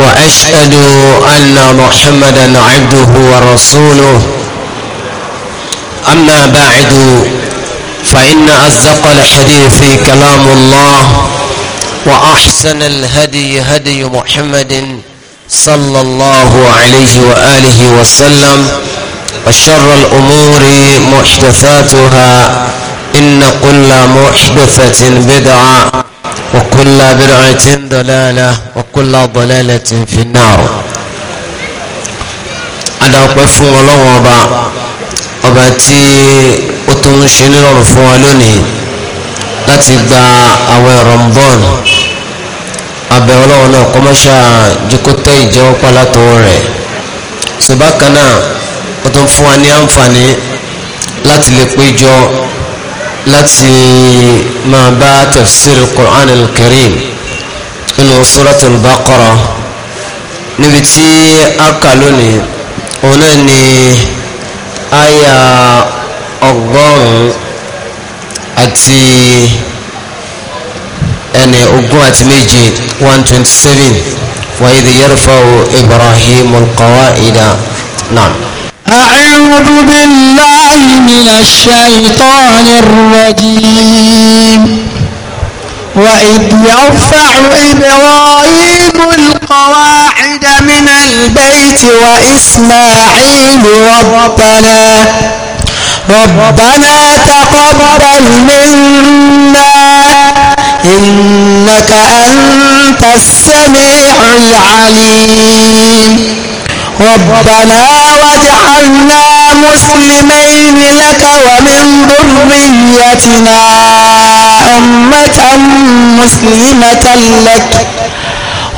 وأشهد أن محمدا عبده ورسوله أما بعد فإن أصدق الحديث كلام الله وأحسن الهدي هدي محمد صلى الله عليه وآله وسلم وشر الأمور محدثاتها إن كل محدثة بدعة وكل برعة ضلالة وكل ضلالة في النار أنا أقف الله أبا أبا تي أتمشي لرفوالوني láti gba àwọn Ramadan abẹ ọlọ́run náà kọ́ mọ́ṣá jikótẹ́ ìjẹ́wọ́ pálátó rẹ̀ ṣùgbọ́n kan náà ó tún fún wa ní àǹfààní láti lè péjọ láti máa bá tafsir Qur'an al-Karim nínú Suratul Baqara níbi tí a kà lónìí òun náà ni àyà ọgọ́rùn-ún àti ẹni ogún àti méje one twenty seven wa idh yarfa'u Ibrahimul qawa'ida náà. أعوذ بالله من الشيطان الرجيم وإذ يرفع إبراهيم القواعد من البيت وإسماعيل ربنا ربنا تقبل منا إنك أنت السميع العليم ربنا واجعلنا مسلمين لك ومن ذريتنا أمة مسلمة لك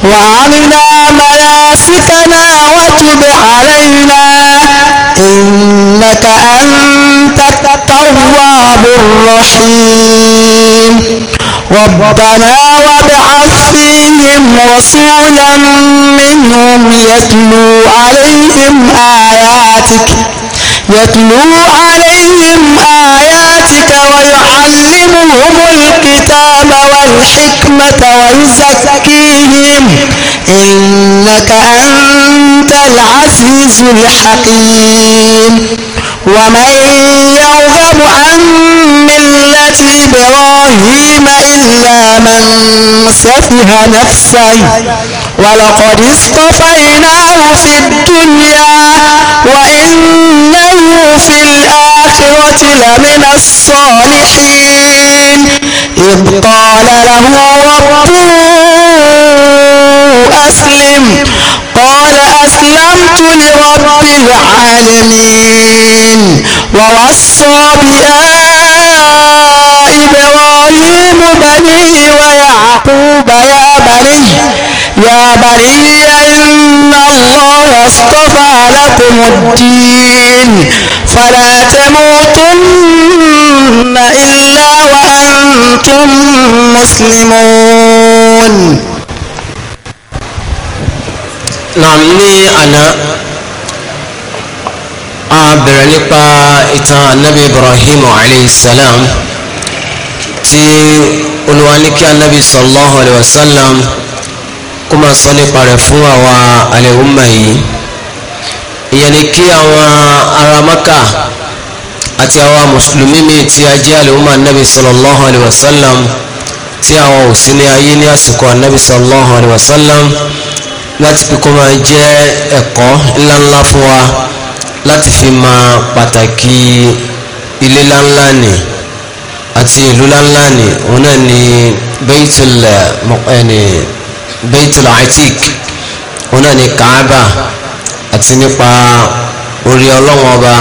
وعلنا مناسكنا وتب علينا إنك أنت التواب الرحيم ربنا وابعث فيهم رسولا يتلو عليهم آياتك يتلو عليهم آياتك ويعلمهم الكتاب والحكمة ويزكيهم إنك أنت العزيز الحكيم ومن يرغب عن ملة إبراهيم إلا من سفه نفسه ولقد اصطفيناه في الدنيا وإنه في الآخرة لمن الصالحين إذ قال له ربه أسلم قال أسلمت لرب العالمين ووصى بها إبراهيم بنيه ويعقوب يا بني يا بني إن الله اصطفى لكم الدين فلا تموتن إلا وأنتم مسلمون نعم إني أنا أعبر نقا إتان النبي إبراهيم عليه السلام تي أولوانك النبي صلى الله عليه وسلم kó máa sọ nípa rẹ̀ fún àwa àlẹ́hùnmá yìí ìyẹn ni kí àwọn ará àti àwa mùsùlùmí mi tí a jẹ́ àlẹ́hùnmá anabi sallallahu alayhi wa sallam tí àwọn ò sí ní ayé anabi sallallahu alayhi wa sallam láti fi kó máa jẹ́ ẹ̀kọ́ ńláńlá fún wa láti fi mọ pàtàkì ilé ńláńlá ni àti ìlú ńláńlá ni òun náà ni bẹ́ẹ̀tùlẹ̀ mọ̀ẹ́ni. Eh, baitul atik òun náà ni kaaba àti nípa orí ọlọ́wọ́n ọba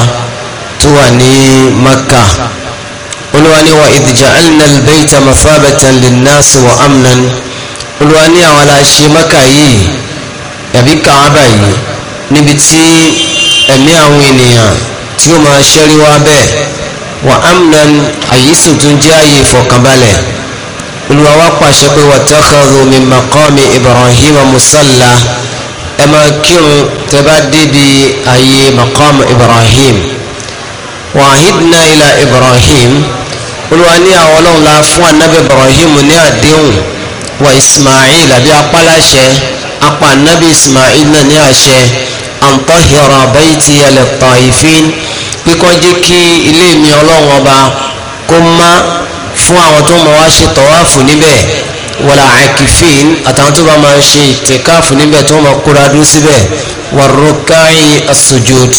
tó wà ní maka olúwa ní wa idh ja'alna al-bayta mafabatan lin-nasi wa amnan olúwa ní àwọn aláṣẹ maka yìí tàbí kaaba yìí níbi tí ẹ̀mí àwọn ènìyàn tí ó máa ṣẹ́rí wá bẹ́ẹ̀ wa amnan àyíṣò tó ń jẹ́ àyè ìfọ̀kànbalẹ̀ olùwà wa pàṣẹ pé watakhadhu min maqami ibrahim musalla ẹ máa kírun tẹ́ bá débi ayé maqam ibrahim wàhídìnà ilà ibrahim olùwà ní àwọn ọlọ́run la fún anabi ibrahim ní àdéhùn wa ismail àbí apáláṣẹ apá anabi ismail náà ní àṣẹ antahira baytiya lit-taifin kíkọ́ jẹ́ kí ilé mi ọlọ́run ọba kó má fún àwọn tó máa wá ṣe tọ́wáfù níbẹ̀ wàlà àkìfín àtàwọn tó bá máa ṣe ìtẹ̀káfù níbẹ̀ tó máa kóra dúró síbẹ̀ wàrúkàì asojúd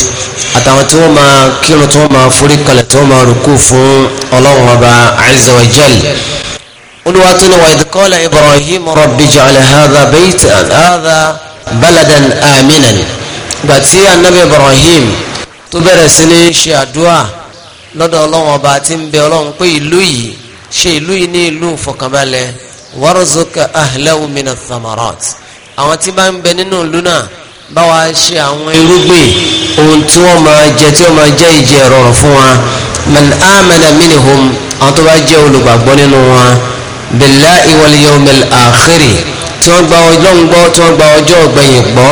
àtàwọn tó máa kírun tó máa forí kalẹ̀ tó máa rúkú fún ọlọ́run ọba azza wa olùwàtúni wa idh ibrahim rabbi ja'al hadha baytan hadha baladan aminan gbàtí anabi ibrahim tó bẹ̀rẹ̀ sí ní ṣe àdúrà lọ́dọ̀ ọlọ́run ọba tí ń bẹ ọlọ́run pé ìlú yìí ṣe ìlú yìí ní ìlú ìfọkànbalẹ̀ warzuka ahlahu min athamarat àwọn tí bá ń bẹ nínú ìlú náà bá wa ṣe àwọn irúgbìn ohun tí wọ́n máa jẹ tí wọ́n máa jẹ ìjẹ rọrùn fún wa man amana minhum àwọn tó bá jẹ́ olùgbàgbọ́ nínú wa billahi wal yawmil akhiri tí wọ́n gba ọjọ́ ń tí wọ́n gba ọjọ́ ọ̀gbẹ̀yìn gbọ́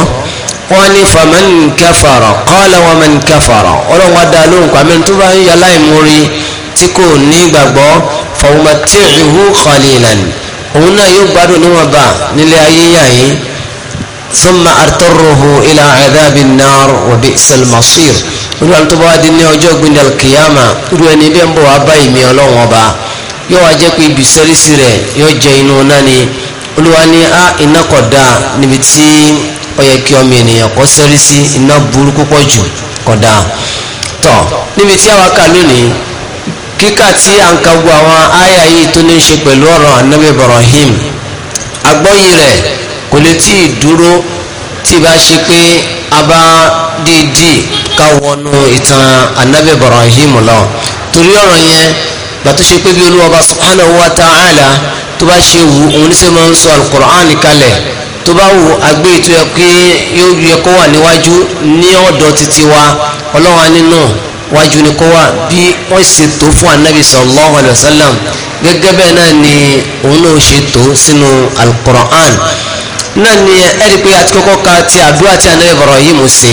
wọ́n ní faman kafara qala wa man kafara ọlọ́run wa dá lóhùn pàmí tó bá ń yà láì tí kò ní gbàgbọ́ fọwọ́mọtìrìhù qalilan òun náà yóò gbádùn níwọ̀nba nílé ayé yàyí summa artarruhu ila adhabi an-nar wa bi'sal masir irú àwọn tó bá wá di ní ọjọ́ gbìndé alkiyama irú ẹni bẹ́ẹ̀ ń bọ̀ wá báyìí mi ọlọ́wọ́n ọba yóò wá jẹ́ pé ibi sẹ́rísì rẹ̀ yóò jẹ́ inú náà ni olúwa ní a iná kọ̀ da níbi tí ó yẹ kí ọmọ ènìyàn kọ́ sẹ́rísì iná burú púpọ̀ jù kọ̀ da tọ̀ níbi tí àwa kà lónìí kíkà tí a ń ka gbọ́ àwọn àyà yìí tó ní í ṣe pẹ̀lú ọ̀rọ̀ anabi ibrahim agbọ́yìn rẹ̀ kò lè tí ì dúró tí bá ṣe pé a bá dìídì ká wọnú ìtàn anabi ibrahim lọ torí ọ̀rọ̀ yẹn gbàtó ṣe pé bí olúwọba subhanahu wa ta'ala tó bá ṣe wù òun ní sẹ́ máa ń sọ alukur'an kalẹ̀ tó bá wù agbé ètò yẹ kó wà níwájú ní ọ̀dọ̀ títí wa ọlọ́wà nínú wájú ni kó wà bí wọ́n ṣe tó fún anabi sallallahu alayhi wa sallam gẹ́gẹ́ bẹ́ẹ̀ náà ni òun náà ṣe tó sínú alukur'an náà ni ẹ̀rí pé àti kọ́kọ́ ka ti àdúrà tí anabi Ibrahim ṣe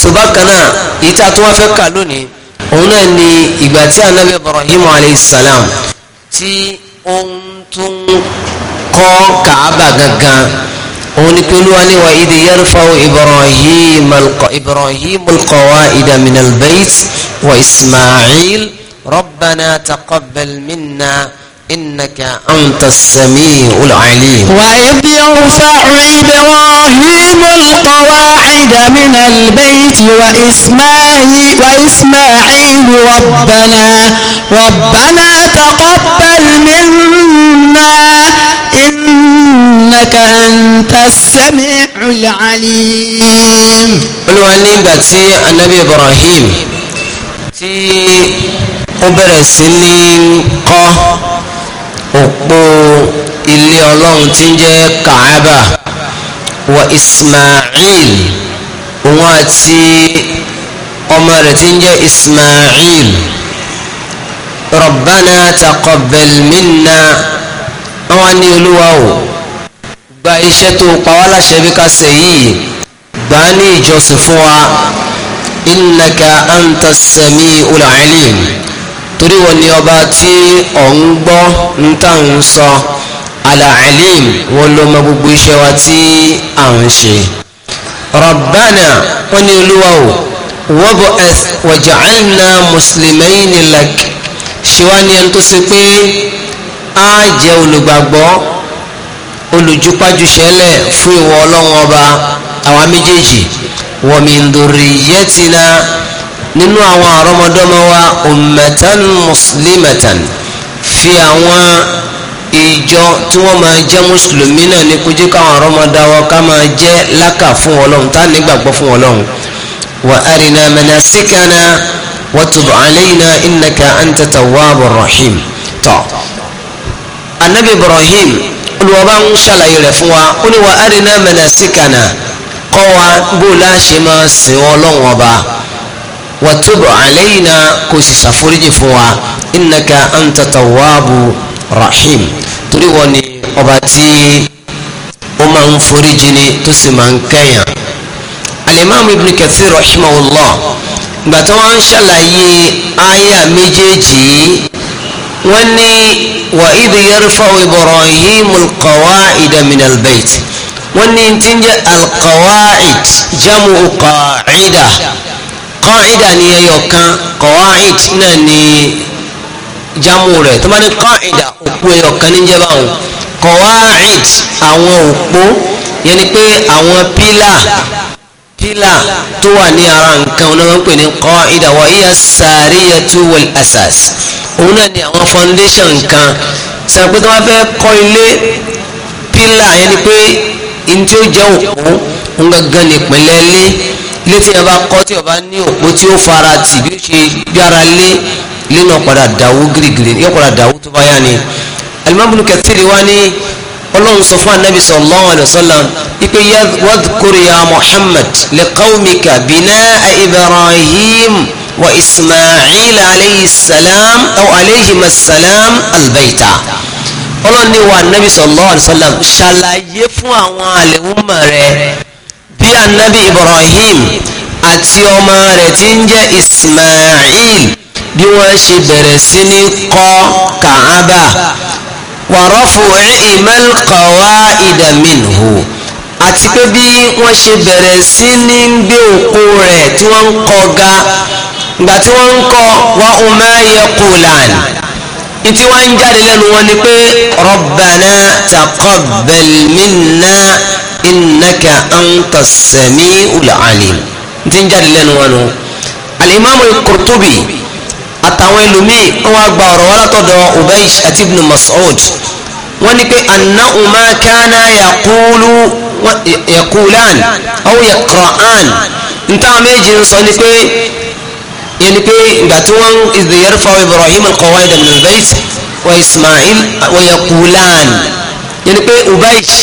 ṣùgbọ́n kan náà tí a tún wá fẹ́ kà lónìí òun náà ni ìgbà tí anabi Ibrahim alayhi salam tí òun tún kọ́ Kaaba gangan. هون كلواني وإذ يرفع إبراهيم الق... إبراهيم القواعد من البيت وإسماعيل ربنا تقبل منا إنك أنت السميع العليم وإذ يرفع إبراهيم القواعد من البيت وإسماعيل وإسماعيل ربنا ربنا تقبل منا إنك أنت السميع العليم قلوا أني باتي النبي إبراهيم تي أبرسني قه òpó ilé ọlọ́run tí ń jẹ́ Kaaba wa Ismail òun àti ọmọ rẹ̀ tí ń jẹ́ Ismail Rabbana taqabbal minna àwọn ní olúwa o gba iṣẹ́ tó pa wá láṣẹ bí ká ṣe yìí gbà á ní ìjọsìn fún wa innaka anta as-sami'ul torí wọn ni ọba tí ọ̀ ń gbọ́ ń tà ń sọ alaalim wọn ló mọ gbogbo iṣẹ́ wa tí à ń ṣe. rabbana wọn ni olúwa o wọ́bọ̀ ẹ̀th waj'alna muslimayni lak ṣe tó ṣe pé á jẹ́ olùgbàgbọ́ olùjúpájúṣẹlẹ̀ fún ìwọ ọlọ́wọ́n ọba àwa méjèèjì wa min durriyatina nínú àwọn àrọ́mọdọ́mọ wa ummatan muslimatan fi àwọn ìjọ tí wọ́n máa jẹ́ mùsùlùmí náà ní kojú káwọn àrọ́mọdá wa ká máa jẹ́ lákà fún ọlọ́run tá nígbàgbọ́ fún ọlọ́run wa arina manasikana wa tub alayna innaka anta tawwabur rahim tọ́ anabi ibrahim olùwọ́ba ń ṣàlàyé rẹ̀ fún wa ó ní wa arina manasikana kọ́ wa bó láṣẹ máa sìn ọlọ́run ọba wàtúbù àlẹ́yìnà kò sì ṣàforíjì fún wa innaka anta tawwabu rahim torí wọn ni ọba tí ó máa ń foríjì ni tó sì máa ń kẹ́yàn. alimami ibn kathir rahimahullah ìgbà tí wọ́n ń ṣàlàyé àyà méjèèjì wọ́n ní wa idh yarfa'u ibrahimul qawa'ida minal bayt wọ́n ní ti ń jẹ́ alqawa'id jamu qa'ida kọ́ìdà ni ẹyọ kan kọ́ìd náà ni jámù rẹ̀ tó bá ní kọ́ìdà òpó ẹyọ kan ní jẹ́ báwọn kọ́ìd àwọn òpó yẹn ni pé àwọn pílà pílà tó wà ní ara nǹkan wọn pè ní kọ́ìdà wà íyà sàríyàtú wal asas òun náà ni àwọn foundation nǹkan sàn pé tó bá fẹ́ kọ́ ilé pílà yẹn ni pé ní ó jẹ́ òpó ń gangan nípìnlẹ̀ lé ilé tí yẹn bá kọ́ tí yẹn bá ní òpó tí ó fara tì bí ó ṣe bí ara lé ilé náà padà dàwó gírígírí yóò padà dàwó tó bá yá ni alimami Kathir wa ni ọlọ́run sọ fún anabi sallallahu alayhi wa sallam ipe wadhkur ya muhammad li qawmika ibrahim wa ismail alayhi salam aw ọlọ́run ni wa anabi sallallahu alayhi wa ṣàlàyé fún àwọn àlẹ́wọ́mọ̀ rẹ̀ bí anabi ibrahim àti ọmọ rẹ̀ tí ń jẹ́ ismail bí wọ́n ṣe bẹ̀rẹ̀ sí ní kọ́ kàába wàrọ́fù ìmẹ́l kọ̀wá ìdàmínú àti pé bí wọ́n ṣe bẹ̀rẹ̀ sí ní gbé òkú rẹ̀ tí wọ́n ń kọ́ ga ìgbà tí wọ́n ń kọ́ wa umá yaqulan ìtí wọ́n ń jáde lẹ́nu wọn ni pé rabbana taqabbal minna innaka anta sami'ul alim tí ń jáde lẹ́nu wọn nù alimami kurtubi àtàwọn ẹlòmíì wọn gba ọ̀rọ̀ wọn látọ̀dọ̀ ubaysh àti ibn mas'ud wọn ni pé annahu ma kana yaqulu yaqulan aw yaqra'an ntáwọn méjì ń ni pé yẹn ni pé ìgbà tí wọn idh yarfa ibrahim alqawaida min albayt wa ismail wa yaqulan yẹn ni ubaysh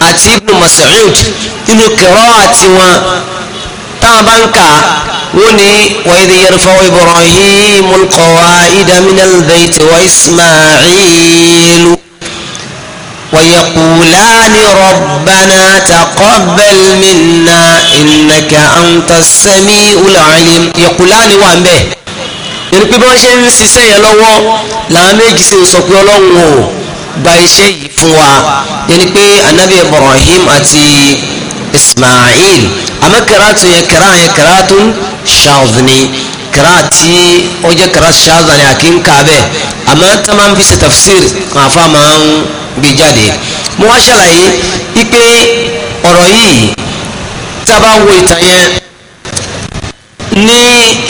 àti ibnu Mas'ud nínú kẹrọ àti wọn táwọn bá ń kà wọ́n ní wa idh yarfa'u Ibrahimu al-qawa'ida minal bayti wa Isma'ilu wa yaqulani rabbana taqabbal minna innaka antas sami'ul 'alim yaqulani wà ń bẹ̀. ìrìpé wọ́n ṣe ń ṣiṣẹ́ yẹn lọ́wọ́ làwọn méjì sì ń sọ pé ọlọ́run o gba iṣẹ́ yìí fún wa yẹni pé anabi ibrahim àti ismail àmọ́ kẹ́ràtún yẹn kẹ́rà yẹn kẹ́ràtún ṣàzùnì kẹ́ràtí ó jẹ́ kẹ́rà ṣàzùnì àkínká bẹ́ẹ̀ àmọ́ tá máa ń fi ṣe tafsir kan àfa máa ń gbé jáde mo wá ṣàlàyé wípé ọ̀rọ̀ yìí tá wo ìtàn yẹn ní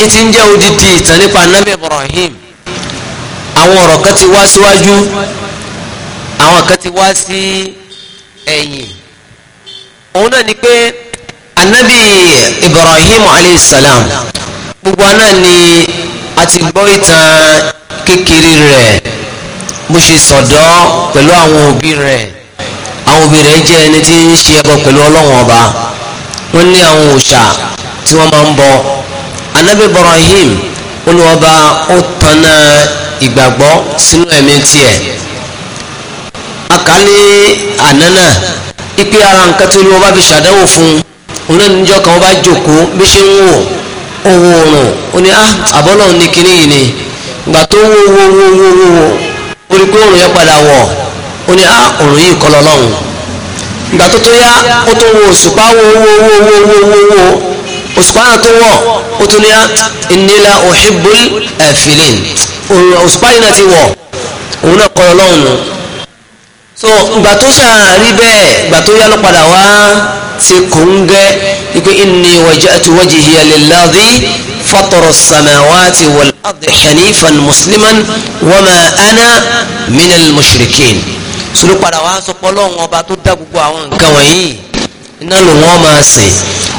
etí ń jẹ́ odidi ìtàn nípa anabi ibrahim àwọn ọ̀rọ̀ kan ti wá síwájú àwọn kan ti wá sí ẹ̀yìn òun náà ni pé anabi ibrahim aleyhisselam gbogbo aná ni a ti gbọ́ ìtàn kékeré rẹ̀ bó ṣe sọ̀dọ́ pẹ̀lú àwọn òbí rẹ̀ àwọn òbí rẹ̀ jẹ́ ẹni tí ń ṣe ẹbọ pẹ̀lú ọlọ́wọ́n ọba wọ́n ní àwọn òòṣà tí wọ́n máa ń bọ anabi ibrahim olùwọ́ba ó tanná ìgbàgbọ́ sínú ẹ̀mí tiẹ̀ àkálẹ́ ànánà ipe ara nǹkan tí olúwa bá fi ṣàdánwò fún un náà níjọ́ kan bá jókòó bí ṣe ń wò owó oorun ó ní ah àbọ́lọ̀ ní kinní yìí ni ìgbà tó wó wó wó wó wó wó ó rí pé oorun yẹn padà wọ̀ ó ní ah oorun yìí kọ́ lọ́lọ́run ìgbà tó tó yá ó tó wo òṣùpá wó wó wó wó wó wó wó òṣùpá náà tó wọ̀ ó tó ní ah ìnílá òhìbùl ẹ̀fìlẹ̀ òṣùpá yìí náà ti wọ̀ òun náà kọ́ lọ́lọ́run nù so ìgbà tó ṣàárí bẹ́ẹ̀ ìgbà tó yá ló padà wá ṣe kòńgẹ́ ipe inni wajjahtu wajhiya lilladhi fatara as-samawati wal ardi hanifan musliman wa ma ana minal mushrikin sulu padà wá sọ pé ọlọ́run ọba tó dá gbogbo àwọn nǹkan wọ̀nyí iná ló wọ́n máa sìn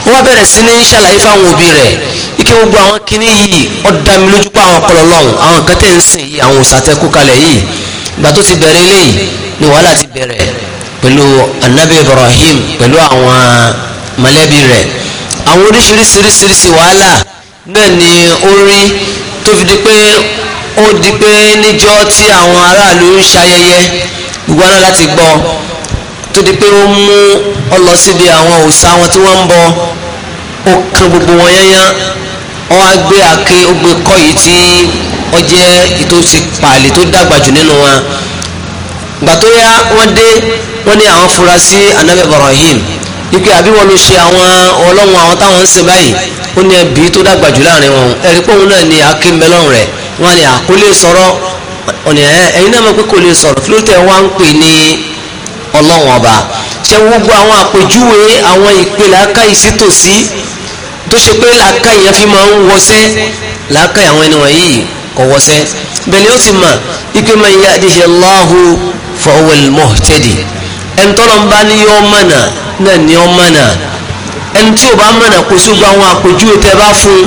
ó wá bẹ̀rẹ̀ sí ní ṣàlàyé fáwọn òbí rẹ̀ ike gbogbo àwọn kinní yìí ó mi lójú pé àwọn ọpọlọ lọ́hùn àwọn nǹkan tẹ̀ ń sìn yìí àwọn òṣàtẹ́kù kalẹ̀ yìí ìgbà tó ti bẹ̀rẹ̀ eléyìí ni wàhálà ti bẹ̀rẹ̀ pẹ̀lú anabi ibrahim pẹ̀lú àwọn mọ̀lẹ́bí rẹ̀ àwọn oríṣiríṣiríṣiríṣi wàhálà náà ni ó rí tó fi di pé ó di pé níjọ́ tí àwọn aráàlú ń ṣayẹyẹ gbogbo aná láti gbọ́ tó di pé ó mú ọ lọ síbi àwọn òòṣà wọn tí wọ́n ń bọ ó kan gbogbo wọn yányán wọ́n á gbé àké ó gbé kọ́ yìí tí ó jẹ́ ètò ìsèpàlè tó dàgbà jù nínú wọn gbà tó yá wọ́n dé wọ́n ní àwọn fura sí anabi ibrahim ipe àbí wọn ló ṣe àwọn ọlọ́run àwọn táwọn ń ṣe báyìí ó ní ẹbí tó dàgbà jù láàrin wọn ẹ̀rí pé òun náà ni akínbẹ́lọ́run rẹ̀ wọ́n ní àkólé sọ̀rọ̀ ọ̀nì ẹ̀yin náà mọ̀ pé kò lè sọ̀rọ̀ kí ló tẹ̀ wá ń pè ní ọlọ́run ọba ṣé gbogbo àwọn àpèjúwe àwọn ìpè làákàyè sí tòsí tó ṣe pé làákàyè yẹn fi máa ń wọṣẹ́ làákàyè àwọn ẹni wọ̀nyí kò wọṣẹ́ bẹ́ẹ̀ ni ó sì mọ̀ ipe man ya'dihi Allahu fọwọ́ mọ̀tẹ́dì ẹni tọ́lọ̀ ń bá ní yọ mọ̀nà náà ní ọ mọ̀nà ẹni tí ò bá mọ̀nà kò sí gba àwọn àpèjúwe tẹ́ bá fún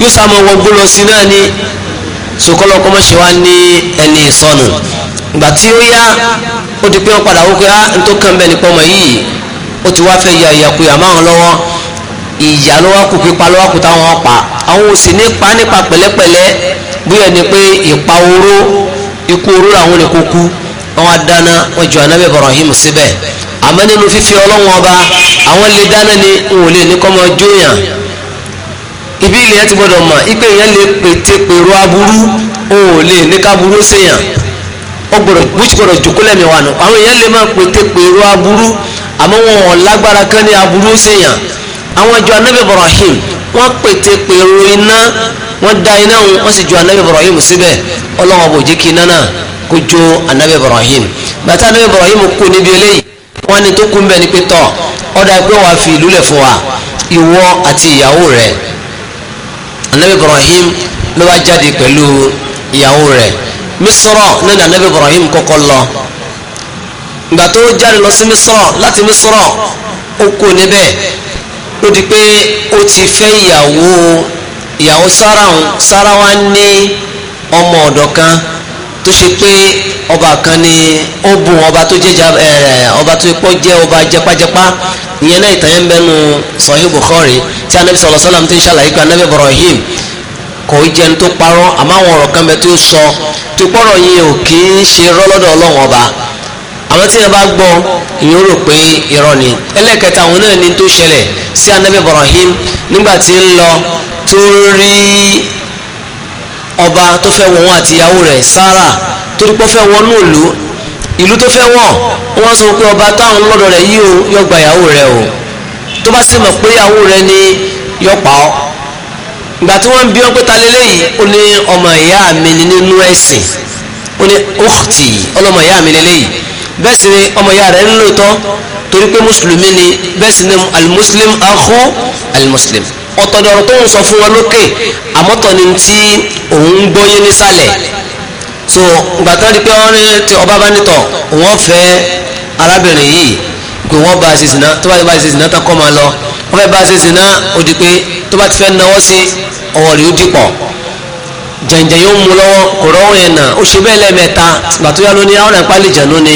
yóò sàmọ̀ wọ́n gbó sí náà ni sokolo kọmọ ṣe wa ní ẹni ìsọnù ìgbà tí ó yá ó di pé ó padà wípé á n kàn bẹ́ẹ̀ ni pọ́mọ yìí ó ti wá fẹ́ ya ìyàkuyà máwọn lọ́wọ́ ìyà ló wá kù pípa ló wá táwọn pa àwọn òsì nípa nípa pẹ̀lẹ́pẹ̀lẹ́ bí ẹni pé ìpa oró ikú oró làwọn lè kó kú wọn adáná wọn ju anabi ibrahim síbẹ̀ àmọ́ nínú fífi ọlọ́wọ́n ọba àwọn lè dáná ni n ò lè ní kọ́ mọ jóyàn ibi ilẹ̀ ti gbọ́dọ̀ mọ̀ ipe yẹn lè pété pèrò aburú n ò lè ní káburú séyàn ó gbọ́dọ̀ bùsù gbọ́dọ̀ jòkó lẹ́mìí wa nù àwọn yẹn lè má pété pèrò aburú àmọ́ wọn ò lágbára kan ní aburú séyàn àwọn ju anabi ibrahim wọn pété pèrò iná wọn da iná wọn sì ju anabi ibrahim síbẹ̀ ọlọ́wọ́n bò jẹ́ kí iná náà kó jó anabi ibrahim bàtà anabi ibrahim kú níbi eléyìí wọn ni tó kú mbẹ ní pétọ ọdọ ẹgbẹ wa fi ìlú lẹ fún wa ìwọ àti ìyàwó rẹ anabi ibrahim ló wá jáde pẹ̀lú ìyàwó rẹ misrọ nínú anabi ibrahim kọ́kọ́ lọ ìgbà tó jáde lọ sí misrọ láti misrọ ó kú níbẹ̀ ó di pé ó ti fẹ́ ìyàwó ìyàwó sára wa ní ọmọ ọ̀dọ̀ kan tó ṣe pé ọba kan ni ó bùn ọba tó jẹ́ ọba tó pọ́ jẹ́ ọba jẹpajẹpa ìyẹn náà ìtàn yẹn ń bẹnu Sahih Bukhari tí anabi sallallahu alaihi wasallam ti ń ṣàlàyé pé anabi Ibrahim kò jẹ́ ní tó parọ́ àmọ́ àwọn ọ̀rọ̀ kan bẹ tó sọ tó pọ́rọ̀ yìí ò kì í ṣe rọ́lọ́dọ̀ ọlọ́run ọba àwọn tí yẹn bá gbọ́ ìyẹn rò pé irọ́ ni ẹlẹ́kẹta àwọn náà ni tó ṣẹlẹ̀ sí anabi Ibrahim nígbà tí ń lọ tó rí ọba tó fẹ́ wọ wọn àti ìyàwó rẹ̀ Sárà torí pé ó fẹ́ wọnú ìlú ìlú tó fẹ́ wọ̀ wọ́n sọ pé ọba táwọn lọ́dọ̀ rẹ̀ yìí yọ gba ìyàwó rẹ̀ o tó bá sì mọ̀ pé ìyàwó rẹ̀ ni yọ pa ọ́ ìgbà tí wọ́n ń bí wọn pé ta lélẹ́yìí ó ní ọmọ ìyá mi ni nínú ẹ̀sìn ó ní ọ̀tì ọlọ́mọ ìyá mi lélẹ́yìí bẹ́ẹ̀ sì ni ọmọ ìyá rẹ̀ ń lòótọ́ torí pé mùsùlùmí ni bẹ́ẹ̀ sì ni alimuslim akhu alimuslim. Al ọ̀tọ̀ ni ọ̀rọ̀ tó ń sọ fún wọn lókè àmọ́tọ̀ ni tí òun gbọ́yé nísàlẹ̀ so ìgbà tó di pé wọ́n ní tí ọba bá nítọ̀ wọ́n fẹ́ arábìnrin yìí pé wọ́n bá a ṣe zìnà tó bá ti bá a ṣe zìnà tán kọ́ máa lọ wọ́n fẹ́ bá a ṣe zìnà ó di pé tó bá ti fẹ́ náwó sí ọwọ́ rẹ̀ ó dìpọ̀ jẹ̀ǹjẹ̀ yóò mú lọ́wọ́ kò rọ́wọ́ yẹn nà ó ṣe bẹ́ẹ̀ lẹ́ẹ̀mẹ́ta ìgbà tó ló ní àwọn ìpálẹ̀ ìjànú ni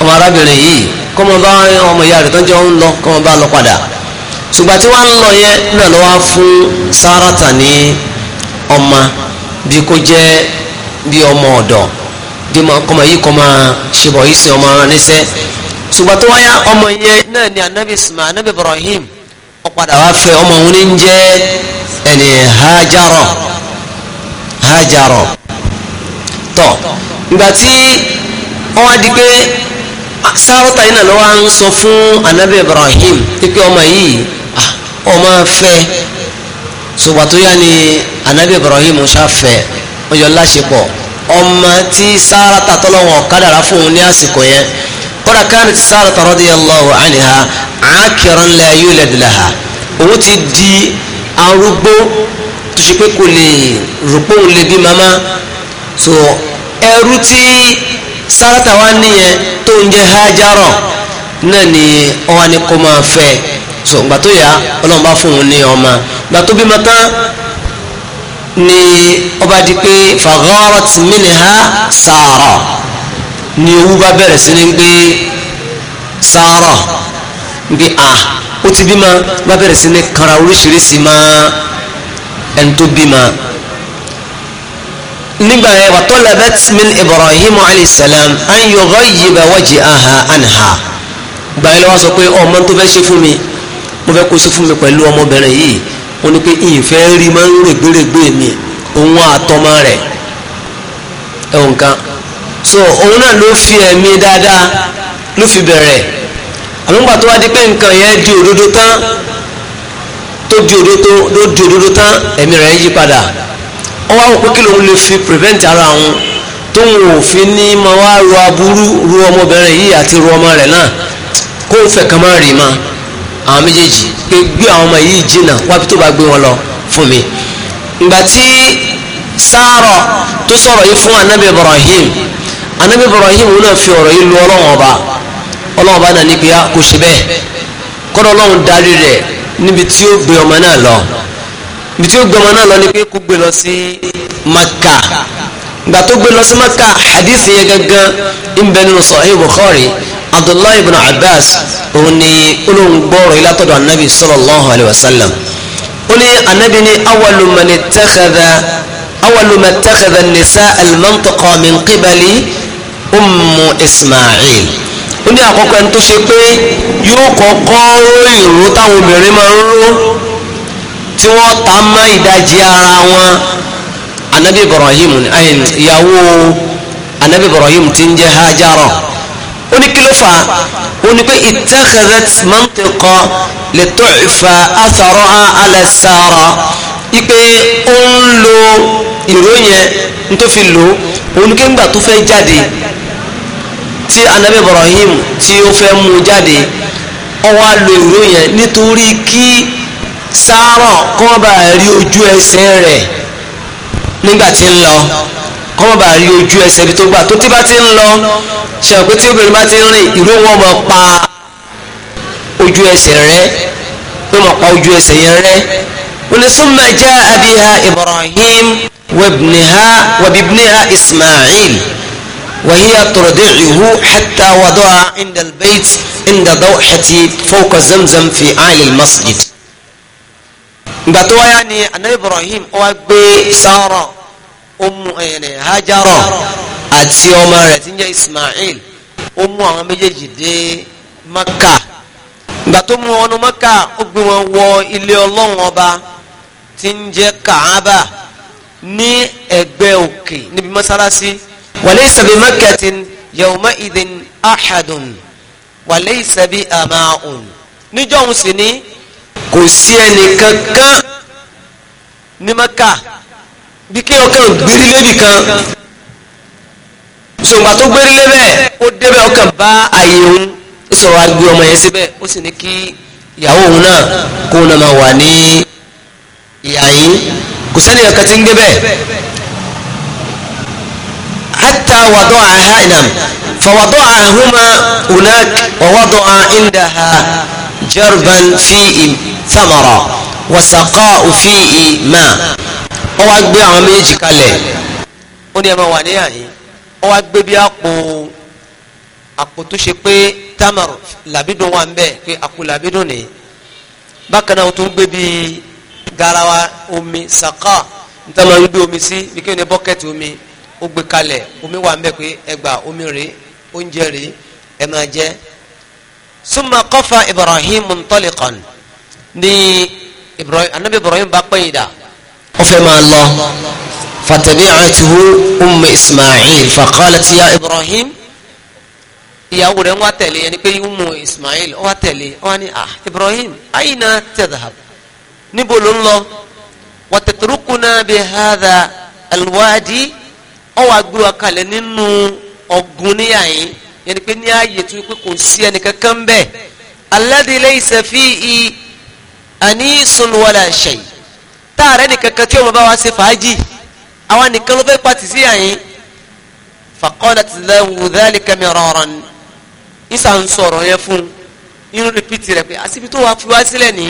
ọmọ arábìnrin yìí kọ́mọ bá ọmọ ìyá rẹ̀ tó ń jẹ́ ń lọ kọ́mọ bá lọ padà ṣùgbọ́n tí wọ́n ń lọ yẹn náà ló wá fún Sárátà ní ọmọ bí kò jẹ́ bí ọmọ ọ̀dọ̀ bí ọmọ yìí kọ́ máa ṣe bọ̀ yìí sí ọmọ níṣẹ́ ṣùgbọ́n tó wáyà ọmọ yẹn náà ni anabi isma anabi Ibrahim ó padà wá fẹ́ ọmọ òun ní jẹ́ ẹni Hajara Hajara tọ́ ìgbà tí wọ́n wá di pé Sárátà yìí ló wá ń sọ fún anabi Ibrahim pé ọmọ yìí ọmọ fẹ́ ṣùgbọ́n tó yá ni anabi ibrahim ṣàfẹ́ ọyọ láṣepọ̀ ọmọ tí sáràtà tọ́lọ́wọ̀n kádàrá fún un ní àsìkò yẹn kódà kánit sáràtà radiyallahu anha àákìrán la yulad laha òun ti di arúgbó tó ṣe pé kò lè rò òun lè bí mama tó ẹrú tí sáràtà wá nìyẹn tó ń jẹ hájárọ̀ náà ni ọwọ́ ni kò máa fẹ́ ẹ so ìgbà tó yá ọlọ́run bá fún òun ní ọmọ ìgbà tó bímọ tán ni ọba di pé fagharat minha Sara ni owó bá bẹ̀rẹ̀ sí ní gbé Sara gbé a ah, ó ti bímọ bá bẹ̀rẹ̀ sí ní kanra oríṣiríṣi máa ẹni tó bímọ nígbà yẹn wà talabat min Ibrahim alayhis salam an yughayyiba wajhaha anha gbàyẹn lọ́wọ́ sọ pé ọmọ tó fẹ́ ṣe mi mo fẹ́ kó sí fún mi pẹ̀lú ọmọbìnrin yìí wọ́n ní pé ìfẹ́ rí máa ń règbèrègbè mi òun àtọmọ rẹ̀ ẹ̀wọ̀n nǹkan so òun náà ló fi ẹ̀mí dáadáa ló fi bẹ̀rẹ̀ àmọ́ gbà tó wá di pé nǹkan yẹn di òdodo tán tó di òdodo tó di òdodo tán ẹ̀mí rẹ̀ yí padà ó wá wò pé kí lòun lè fi prevent ara òun tóun ò fi ní máa wá ro aburú ro ọmọbìnrin yìí àti ro ọmọ rẹ̀ náà kó o fẹ̀ kàn máa rì máa àwọn méjèèjì pé gbé àwọn ọmọ yìí jìnnà wábi tó bá gbé wọn lọ fún mi ngbàtí sáárọ̀ tó sọ̀rọ̀ yìí fún anabi ibrahim anabi ibrahim wọn náà fi ọ̀rọ̀ yìí lu ọlọ́run ọba ọlọ́run ọba náà ní pé kò ṣe bẹ́ẹ̀ kọ́dọ̀ ọlọ́run darí rẹ̀ níbi tí ó gbé ọmọ náà lọ níbi tí ó gbé ọmọ náà lọ ni pé kó gbé lọ sí maka ngbà tó gbé lọ sí maka hadith yẹn gangan ń nínú sahih abdullahi ibn abbas òun ni olóńgbòrò ilátọ̀dọ̀ anabi sallallahu alayhi wa sallam ó ní anabi ní awwalu man ittakhadha awwalu man ittakhadha nisaa al-mantaqa min qibali ummu isma'il ó ní àkọ́kọ́ ẹni tó ṣe pé yóò kọ́kọ́ ròyìn ro táwọn obìnrin máa ń ró tí wọ́n ta mọ́ ìdajì ara wọn anabi ibrahim ìyàwó anabi ibrahim ti ń jẹ́ hajara ó ní kí ló fà á ó ní pé ittakhadhat mantiqa li tu'fa atharaha ala sara ipe ó ń lo ìró yẹn n tó fi lò ó ní kéńgbà tó fẹ́ jáde tí anabi Ibrahim tí ó fẹ́ mú jáde ó wá lo nítorí kí sáárọ̀ kọ́ bá rí ojú ẹsẹ̀ rẹ̀ nígbà tí ń lọ. kọ́mọ̀ bá rí ojú ẹsẹ̀ ibi tó gbà tó tí bá ti ń lọ ṣe àpé tí obìnrin bá ti ń rìn ìró wọn mọ̀ pa ojú ẹsẹ̀ rẹ̀ ló mọ̀ pa ojú ẹsẹ̀ yẹn rẹ̀ wọ́n ní summa jaa biha Ibrahim wabniha wabibniha Ismail وهي ترضعه حتى وضعها عند البيت عند ضوحة فوق زمزم في عال المسجد. gbàtọ́ wáyà ni anabi Ibrahim wá gbé Sárà ọmọ ẹ̀rẹ̀ eh, hajaro àti ọmọ rẹ̀ tí ń jẹ́ ismail ó mú àwọn méjèèjì dé maka ìgbà tó mú ọnu maka ó gbé wọn wọ ilé ọlọ́run ọba tí ń jẹ́ kaaba ní ẹgbẹ́ òkè níbi mọ́sálásí walaysa bi makkatin yawma idhin ahadun walaysa bi ama'un níjọ́ òun sì ní kò sí ẹnì kankan ní maka bí kí ọkàn gbérí lébì kan sògbà tó gbérí lé bẹ́ẹ̀ ó débẹ̀ ọkàn bá àyè òun ó sì wá gbé ọmọ yẹn síbẹ̀ ó sì ní kí ìyàwó òun náà kó òun náà máa wà ní ìyá yín kò sẹ́ni kankan tí ń gbé bẹ́ẹ̀ hatta wàdọ́ àhá ìnàm fọwọ́dọ́ àhúmá unak wọ́wọ́dọ́ àhíndaha jarban fi ìtàmọ̀rọ̀ wọ́sàkọ́ òfin ìmá ó wá gbé àwọn méjì kalẹ̀ ó ní ẹ máa wà níyàhín ó wá gbé bí àpò àpò tó ṣe pé tamar làbídùn wà ń bẹ pé àpò làbídùn ni bákan náà ó tún gbé bí garawa omi saka níta lọ rí bí omi sí bí kí ni bọ́kẹ́tì omi ó gbé kalẹ̀ omi wà ń bẹ pé ẹgbà omi rèé oúnjẹ rèé ẹ máa jẹ summa qafa Ibrahim muntaliqan ní Ibrahim anabi Ibrahim bá pẹ́yìndà ọfẹ́ máa lọ fatabi'atuhu umu ismail faqalat ya ibrahim ìyàwó rẹ̀ ń wá tẹ̀lé yẹn ni pé umu ismail ó wá tẹ̀lé ó wá ní ah ibrahim ayna tadhhab níbo ló ń lọ watatrukuna bi hadha alwadi ó wá gbé wa kalẹ̀ nínú ọ̀gbun níyà yín yẹn pé ní ààyè tó pé kò sí ẹnìkankan bẹ́ẹ̀ alladhi laysa fihi anisun wala shay' táàrẹ́ nìkankan tí ọmọ bá wá ṣe fàájì àwọn nìkan ló fẹ́ pàtì sí àyín fàkọ́lá ti lẹ́wù dhalika miraran ìsà ń sọ̀rọ̀ yẹn fún inú rìpítì rẹ̀ pé àṣìbí tó wàá fi wá sílẹ̀ ní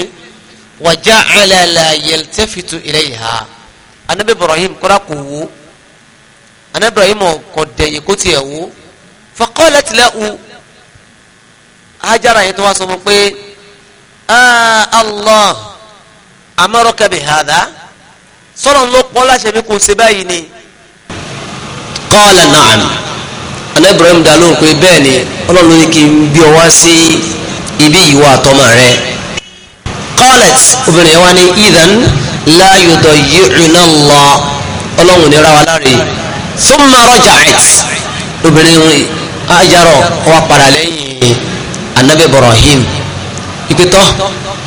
wa ja'ala la yaltafitu ilayha anabi ibrahim kọ́ra kò wó anabi ibrahim kò dẹ̀yẹ kó tiẹ̀ wó fàkọ́lá ti lẹ́wù hajara yẹn tó wá sọ fún pé ah allah amárọ́kẹ́ bi hàdá sọ́nà ló pọ́ láṣẹ mi kò ṣe báyìí ni. kọ́ọ̀lá naam ana Ibrahim dá lóhùn pé bẹ́ẹ̀ ni ọlọ́run ní kí n bí ọ wá sí ibi ìwọ àtọmọ rẹ. kọ́ọ̀lẹ̀t obìnrin yẹn wá ní idan láyọ̀dọ̀ yìrìnà lọ ọlọ́run ní ra wa láre thumma raja'at obìnrin ajarọ̀ wá padà lẹ́yìn anabi Ibrahim ìpẹ́tọ́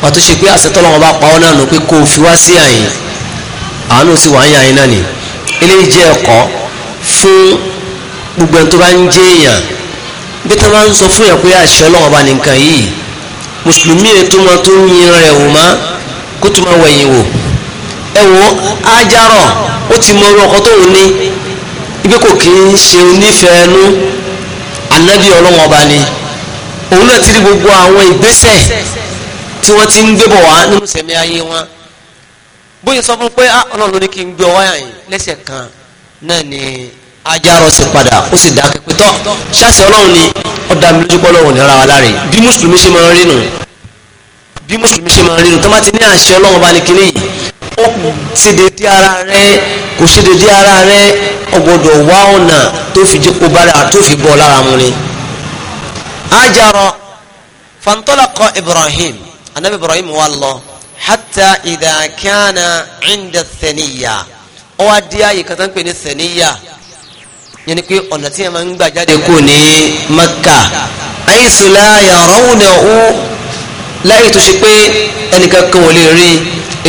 wà tó ṣe pé àṣẹ tọ́lọ́wọ́n bá pa ọ́ náà nù pé kó o fi wá sí àyìn àánú sì wà ń yà yín náà nì eléyìí jẹ́ ẹ̀kọ́ fún gbogbo ẹni tó bá ń jẹ́ èèyàn bí tó máa ń sọ fún yàn pé àṣẹ bá nìkan yìí mùsùlùmí ètò wọn tó ń yin rẹ̀ wò má kó tó máa wẹ̀yìn wò ẹ wò ájárọ̀ ó ti mọ ọkọ tó ń ní ibi kò kí ń ṣe onífẹ̀ẹ́ ànábì ọlọ́wọ́n bá ní òun náà ti rí gbogbo àwọn ìgbésẹ̀ tí wọ́n ti ń gbé bọ̀ wá nínú sẹ̀mí ayé wọn bóyá sọ fún pé ah, ọlọ́run ní kí n gbé ọwáyà yìí lẹ́sẹ̀ kan náà ni ajárọ̀ sí padà ó sì dákẹ́ pé tọ́ ṣáàṣì ọlọ́run ni ọ̀dà mi lójú pọ́lọ́run ní ara wa láre bí mùsùlùmí ṣe máa ń rí nù bí mùsùlùmí ṣe máa ń rí nù tó má ti ní àṣẹ ọlọ́run bá ní kíní yìí ó ṣe dédé ara rẹ kò ṣe dédé ara rẹ ọgbọ́dọ̀ wá ọ̀nà tó fi jẹ́kọ̀ bára tó fi bọ́ lára mu ni. ajárọ̀ fantọ́lákọ̀ Ibrahim anabi ibrahim wá lọ hatta idha kana inda thaniya ó wá dé àyè kan tó ń pè ní thaniya yẹn ni pé ọ̀nà tí yẹn máa ń gbà jáde kú ní maka àyíṣu la yarawnahu láyé tó ṣe pé ẹnìkan kan ò lè rí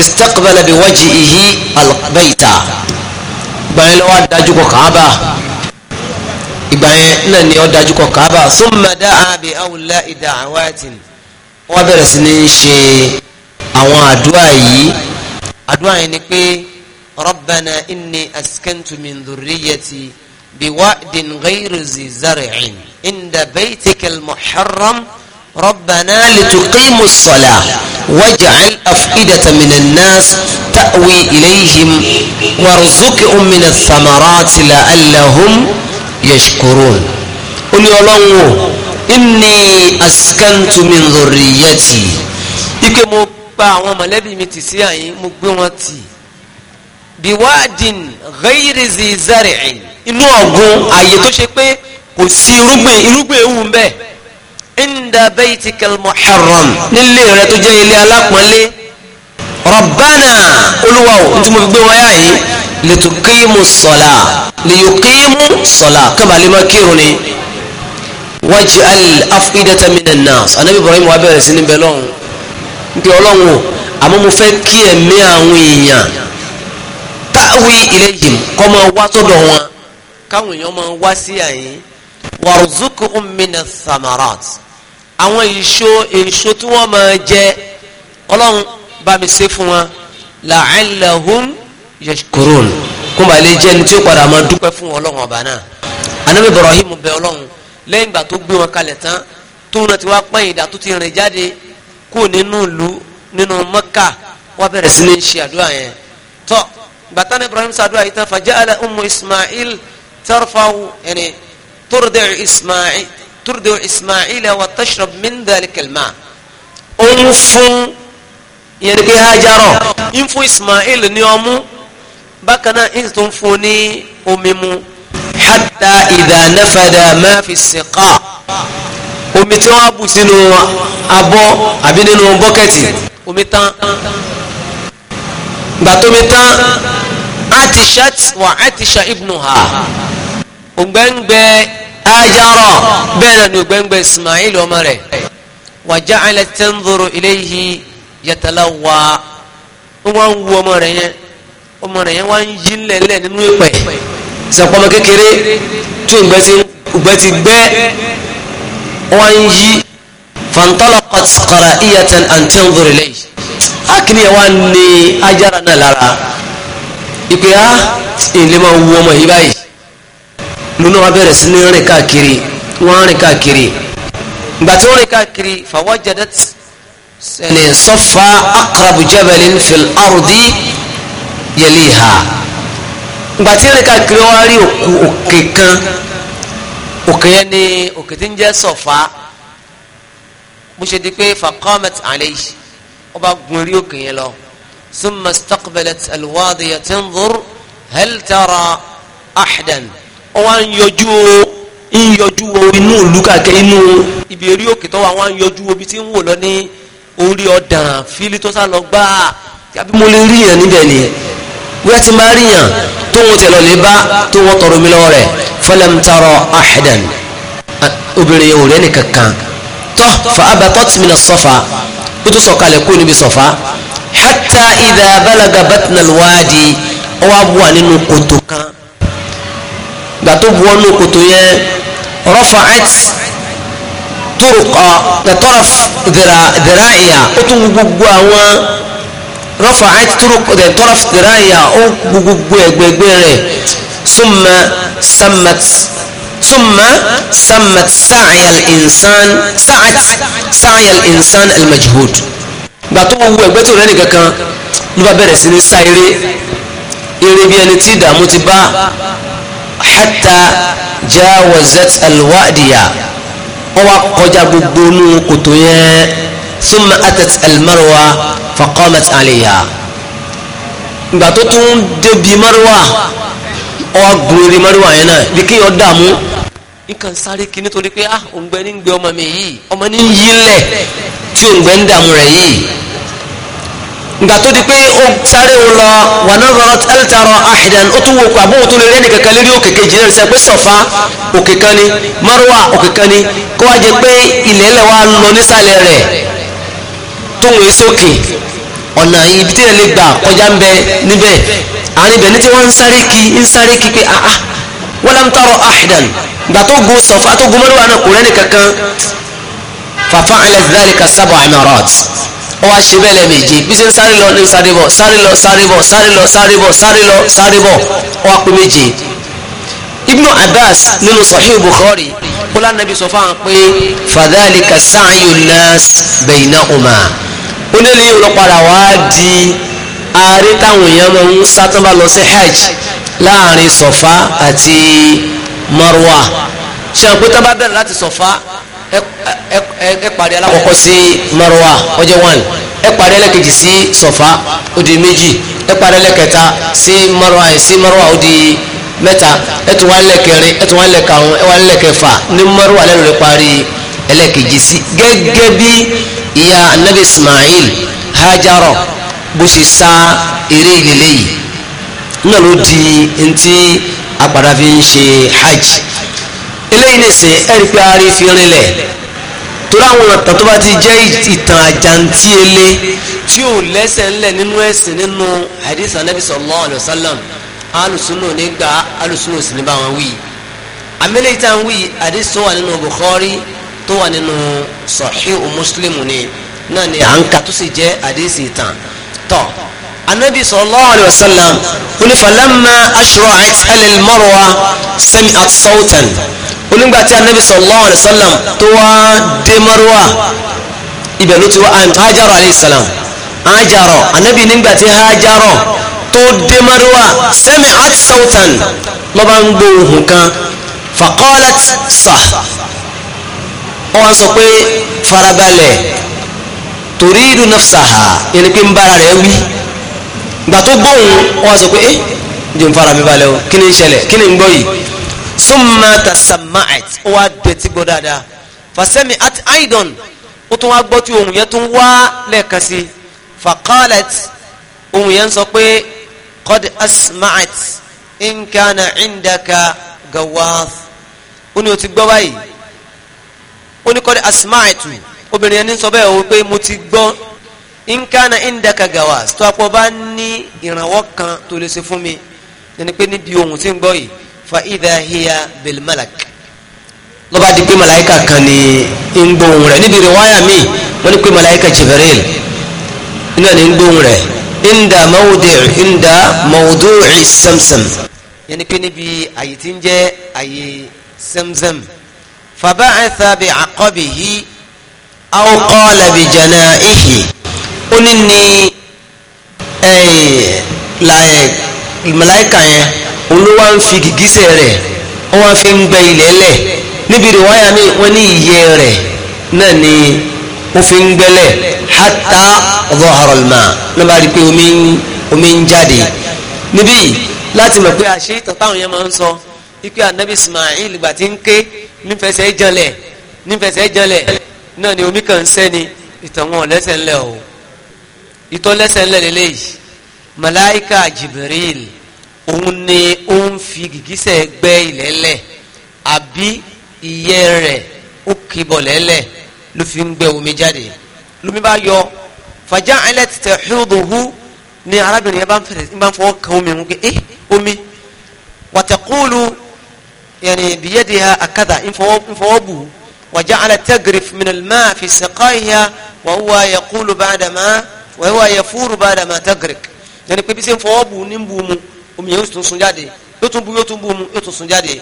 istaqbala bi wajhihi albayta gbàyẹn lọ́wọ́ dájú kọ kàába ìgbà náà ni ó dájú kọ kàába summa da'a bi awla'i da'awatin wọ́n bẹ̀rẹ̀ sí ní ṣe àwọn àdúrà yìí àdúrà yẹn ni pé rabbana inni askantu min dhurriyyati biwa'din ghayri zi zar'in inda baytikal muharram rabbana lituqimu s-salah waj'al af'idata minan nas ta'wi ilayhim warzuqhum mina th-thamarati yashkurun. ó ní ọlọ́run o inni askantu min dhurriyati ike mo gba àwọn mọ̀lẹ́bí mi tì sí àyín mo gbé wọn tì biwadin ghayri zi zar'in inú ọ̀gbun àyè tó ṣe pé kò sí irúgbìn irúgbìn ewu ń bẹ inda baytikal muharram nílé rẹ tó jẹ́ ilé alápọ̀nlé rabbana olúwa ò tí fi gbé wọn yá yìí lituqimu sọ̀la liyuqimu sọ̀la kírun ni waj'al afidata minan nas anabi ibrahim wa bẹ̀rẹ̀ sí ní bẹ lọ́hùn níbi ọlọ́hùn o àmọ́ mo fẹ́ kí ẹ̀mí àwọn èèyàn táwí ilayhim kọ́ máa wá sọ́dọ̀ wọn káwọn èèyàn máa wá sí àyín warzuqhum minas samarat àwọn èso èso tí wọ́n máa jẹ ọlọ́run bá mi ṣe fún wọn la'allahum yashkurun kó máa lè jẹ́ ẹni tí ó padà máa dúpẹ́ fún ọlọ́run ọba náà anabi ibrahim bẹ ọlọ́run lẹ́yìn ìgbà tó gbé wọn kalẹ̀ tán tóun náà ti wá pẹ́yìn ìdá tó ti rìn jáde kó nínú ìlú nínú Mẹ́kà wọ́n bẹ̀rẹ̀ sí ní ṣe àdúrà yẹn tọ́ gbàtà ní Ibrahim sàdúrà yìí tán fàja'ala ummu Ismail tarfa'u ẹni turdi'u Ismail turdi'u Ismail wa tashrab min dhalika ó ń fún yẹn ní Hajarọ ń fún Ismail ní ọmú bákan náà ń tún fún ní omi mu hatta ìdá nafada máa fi siqa omi tí wọ́n á bù sínú abọ́ àbí nínú bọ́kẹ́tì omi tán gbàtómi tán atishat wa atisha ibnuha ògbẹ́ngbẹ́ ajara bẹ́ẹ̀ náà ni ògbẹ́ngbẹ́ ismail ọmọ rẹ̀ wa ja'alat tanzuru ilayhi yatalawwa wọ́n wá ń wu ọmọ rẹ̀ yẹn ọmọ rẹ̀ yẹn wá ń yí lẹ́lẹ́ nínú ìpẹ́ sàpọ̀mọ kékeré tí ògbẹ́ ti ògbẹ́ ti gbẹ́ wọ́n ń yí fantalaqat qara'iyatan an tanzur ilayhi akíní ẹ̀ wá ní ajára náà lára ìpè á ìlẹ̀ máa wú ọmọ yìí báyìí lónà wa bẹ̀rẹ̀ sí ní rìn káàkiri wọ́n rìn káàkiri ìgbà tí wọ́n rìn káàkiri fawajadat sẹ̀lẹ̀ sọ́fà jabalin fil ardi yaliha ìgbà tí ìrìn káàkiri wá rí òkè kan òkè yẹn ni òkè tí ń jẹ́ sọ̀fà bó ṣe di pé faqamat alayhi ó bá gun rí òkè yẹn lọ thumma istaqbalat alwadiya tanzur hal tara ahdan ó wá ń yọjú o ń yọjú o inú ìlú kàkẹ́ inú ibi eré òkè tó wà wá ń yọjú o bí tí ń wò lọ ní orí ọ̀dàn fílí lọ gbáà yàbí mo lè rí yẹn níbẹ̀ nìyẹn bóyá ti máa rí yàn tó wọn tẹ lọ lè bá tó wọn tọrọ mi lọ́wọ́ rẹ̀ falam tara ahadan obìnrin yẹn ò rẹ́ nìkan kan tọ́ fa abatat mina sọ́fà ó tún sọ̀kalẹ̀ kó níbi sọ̀fà hatta idha balaga batna alwadi ó wá bu wà nínú kòtò kan gbàtó bu wọnú kòtò yẹn rafa'at turuqa na taraf dhira'iya ó tún gbogbo àwọn. رفعت طرق طرف دراية أو ثم سمت ثم سمت سعي الإنسان سعت سعي الإنسان المجهود gbàtọ́ owó ẹgbẹ́ tó rẹ́ nìkan kan ló bá bẹ̀rẹ̀ sí ní sá eré eré bí ẹni tí ìdààmú ti bá hatta jawazat alwadiya wọ́n wá kọjá gbogbo inú kòtò yẹn ثم أتت al فقامت عليها. alayha ìgbà tó tún débi marwa ọgùn eré marwa yẹn náà bí kí yọ dààmú nǹkan sáré kí nítorí pé ah òǹgbẹ ní gbé ọmọ mi yìí ọmọ ní yí lẹ tí òǹgbẹ ń dààmú rẹ yìí ìgbà di pé ó sáré o lọ wà náà rọrọ tẹlẹtàrọ ahidan ó tún wo pa bóun tó lè rẹ́ni kankan lérí òkè kejì náà sẹ́yìn pé sọ̀fà òkè kan ni marwa òkè kan ni kó wá jẹ pé ilẹ̀ lẹ̀ lọ nísàlẹ̀ rẹ̀ tóun èsókè ọ̀nà ibi tí ẹ̀ lè gbà kọjá ń bẹ níbẹ̀ àárín ibẹ̀ ní tí wọ́n ń sáré kí ń sáré kí pé àá ah, ah, wọ́n lám tọrọ ahadan gbà tó gun sọ̀fà tó gun mọ́lúwà náà kò rẹ́ni kankan fàfà alẹ́sìdálìkà sábà amarat ó wá ṣe bẹ́ẹ̀ lẹ́ẹ̀mejì bí ṣe ń sáré lọ ní sáré bọ̀ sáré lọ sáré bọ̀ sáré lọ sáré bọ̀ sáré lọ sáré bọ̀ ó wá pé méje ibnu abbas nínú sahih bukhari kólá nàbí sọ fáwọn pé fàdálìkà sáàyò nas baynahuma ó lé lè wá di ààrẹ táwọn èèyàn máa ń sátán bá lọ sí hajj láàrin sọ̀fà àti marwa ṣe àpò tá a bá bẹ̀rẹ̀ láti sọ̀fà ẹ parí alákọ̀ọ́kọ́ sí marwa ọjọ́ one ẹ parí ẹlẹ́kejì sí sọ̀fà ó di méjì ẹ parí ẹlẹ́kẹta sí marwa sí marwa ó di mẹ́ta ẹ tún wá lẹ́kẹrin ẹ tún wá lẹ́karùn ẹ wá lẹ́kẹfà ní marwa lẹ́nu rẹ parí ẹlẹ́kejì sí gẹ́gẹ́ bí ìyá anabi ismail hajaro bó ṣe sá eré ìlélẹ́ yìí náà ló di ntí apàdà fi ń ṣe hajj eléyìí nìsín ẹ̀rí pé ari fi rinlẹ̀ torí àwọn ọ̀tàn tó bá ti jẹ́ ìtàn àjàntí ele tí ò lẹ́sẹ̀ ńlẹ̀ nínú ẹ̀sìn nínú hadith anabi sallallahu alayhi wa sallam alùsùnù nígbà alùsùnù sì ní bá wọn wí àmì lẹ́yìn wí hadith tó wà nínú bukhari tó wà nínú Sahihu Muslim ni náà ni à ń ka tó sì jẹ́ àdéhìsì ìtàn tọ́ anabi sallallahu alayhi wa sallam qul falamma ashra'at al-marwa sami'at sawtan onígbà tí anabi sallallahu alayhi wa sallam tó wá dé marwa ibẹ̀ ló ti wá hajaru alayhi salam hajaru anabi nígbà tí hajaru tó dé marwa sami'at sawtan lọ́ba ń gbóhùn kan faqalat sah ó wá sọ pé farabalẹ̀ turidu nafsaha yẹn pé ń bára rẹ̀ wí gbà tó gbóhùn ó wá sọ pé eh jẹun fara mi balẹ̀ o kí ni ń ṣẹlẹ̀ kí ni ń gbọ́ yìí summa tasama'at ó wá dẹ̀tí gbọ́ dáadáa fasẹ́mi àti aidan ó tún wá gbọ́ tí ohun yẹn tún wá lẹ́ẹ̀kan sí faqalat ohun yẹn sọ pé qad asma'at in kana indaka gawath ó ní o ti gbọ́ báyìí ó ní kọ́dé asmaitu obìnrin ẹni sọ bẹ́ẹ̀ o pé mo ti gbọ́ nkánà indaka gawas tó apọ̀ bá ní ìrànwọ́ kan tó lè ṣe fún mi ẹni pé níbi ohun tí ń gbọ́ yìí fa idha hiya bil malak lọ́ba di pé malayika kan ní ń gbọ́ ohun rẹ̀ níbi riwaya mi wọ́n ní pé malayika jibril inú ní ń gbọ́ ohun inda mawdi inda mawdu'i samsam yẹn ni pé níbi àyè tí ń jẹ́ àyè samsam fàbáàtà bí àkọ́bìhí àwòkọ́ làbìjànà ìhì ó ní ní màláìkà yẹn olówó ń fi gìgísẹ̀ rẹ̀ ó wá fi ń gbẹ ilẹ̀ lẹ̀ níbi ìwáyà mi wọ́n ní ìyẹ́ rẹ̀ náà ni ó fi ń gbẹ́lẹ̀ hátà ọ̀dọ̀ náà bá rí pé omi ń jáde níbí láti mọ̀ pé àṣírí tọ̀táwọn yẹn máa ń sọ ikú anabi ismail gbà tí ń ké nífẹsẹ̀ ìjànlẹ̀ nífẹsẹ̀ ìjànlẹ̀ náà ni omi kan ń sẹ́ni ìtàn wọn lẹ́sẹ̀ ńlẹ̀ o ìtọ́ lẹ́sẹ̀ ńlẹ̀ lélẹ́yìí malaika jibril òun ni ó ń fi gìgísẹ̀ gbẹ́ ilẹ̀ lẹ̀ àbí ìyẹ́ rẹ̀ ó kìbọ̀ lẹ́lẹ̀ ló fi ń gbẹ omi jáde lómi bá yọ fàjà ẹlẹ́ ti tẹ̀ ni arábìnrin yẹn bá ń fọwọ́ kan omi ń gbé eh omi wàtẹ̀kùlù yẹni biyẹ́dì ha akada nfọwọ́bù wàjà ala tagrif minalma fi sèkáyà wàhùwà yakulu bàdàmà wàhùwà yafuru bàdàmà tagrif yẹni pé bí sẹ́ nfọwọ́bù ní bù mu omi yẹn ó tún sun jáde yóò tún bu yóò tún bu mu yóò tún sun jáde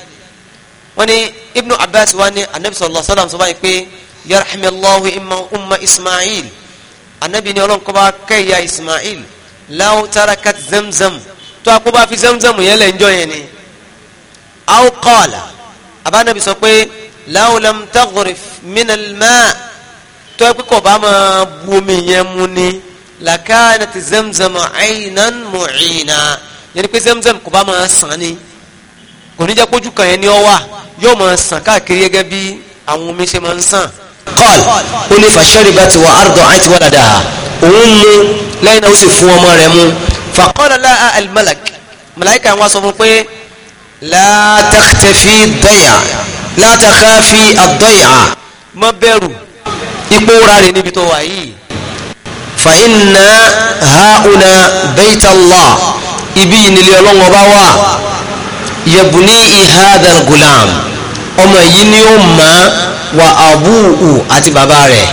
wọ́n ní ibnu abbas wa ní anabi sallallahu alayhi wa sallam sọ báyìí pé yarhamallahu imma umma ismail anabi ni ọlọ́nkọ́ba kẹ́yà ismail láwùtára kat zamzam tó a kó bá fi zamzam yẹn lẹ́ njọ́ yẹn ni aw qala abánabi sọ pé laulam taghrif minal ma tó ẹ pé kò bá máa bu omi yẹn mu ni làkàna ti zamzam aynan mu'ina yẹn ni pé zamzam kò bá máa sàn ni kò ní jẹ́ kójú kan yẹn ni ọ wà yóò máa sàn káàkiri gẹ́gẹ́ bí àwọn omi ṣe máa ń sàn. kọ́l ó ní fasharibat wa ardọ̀ àti waladaha òun mu lẹ́yìn náà ó sì fún ọmọ rẹ̀ mu. faqala laha al-malak màláìka wọn sọ fún pé la takhtafi ad-day'a la takhafi ad-day'a má bẹ̀rù ipò rárẹ̀ níbi tó wà yìí fa inna hauna bayta Allah ibi ìnílẹ̀ ọlọ́wọ́ bá wà yabuni hadha al-gulam ọmọ yìí ni ó ma wa abuhu àti bàbá rẹ̀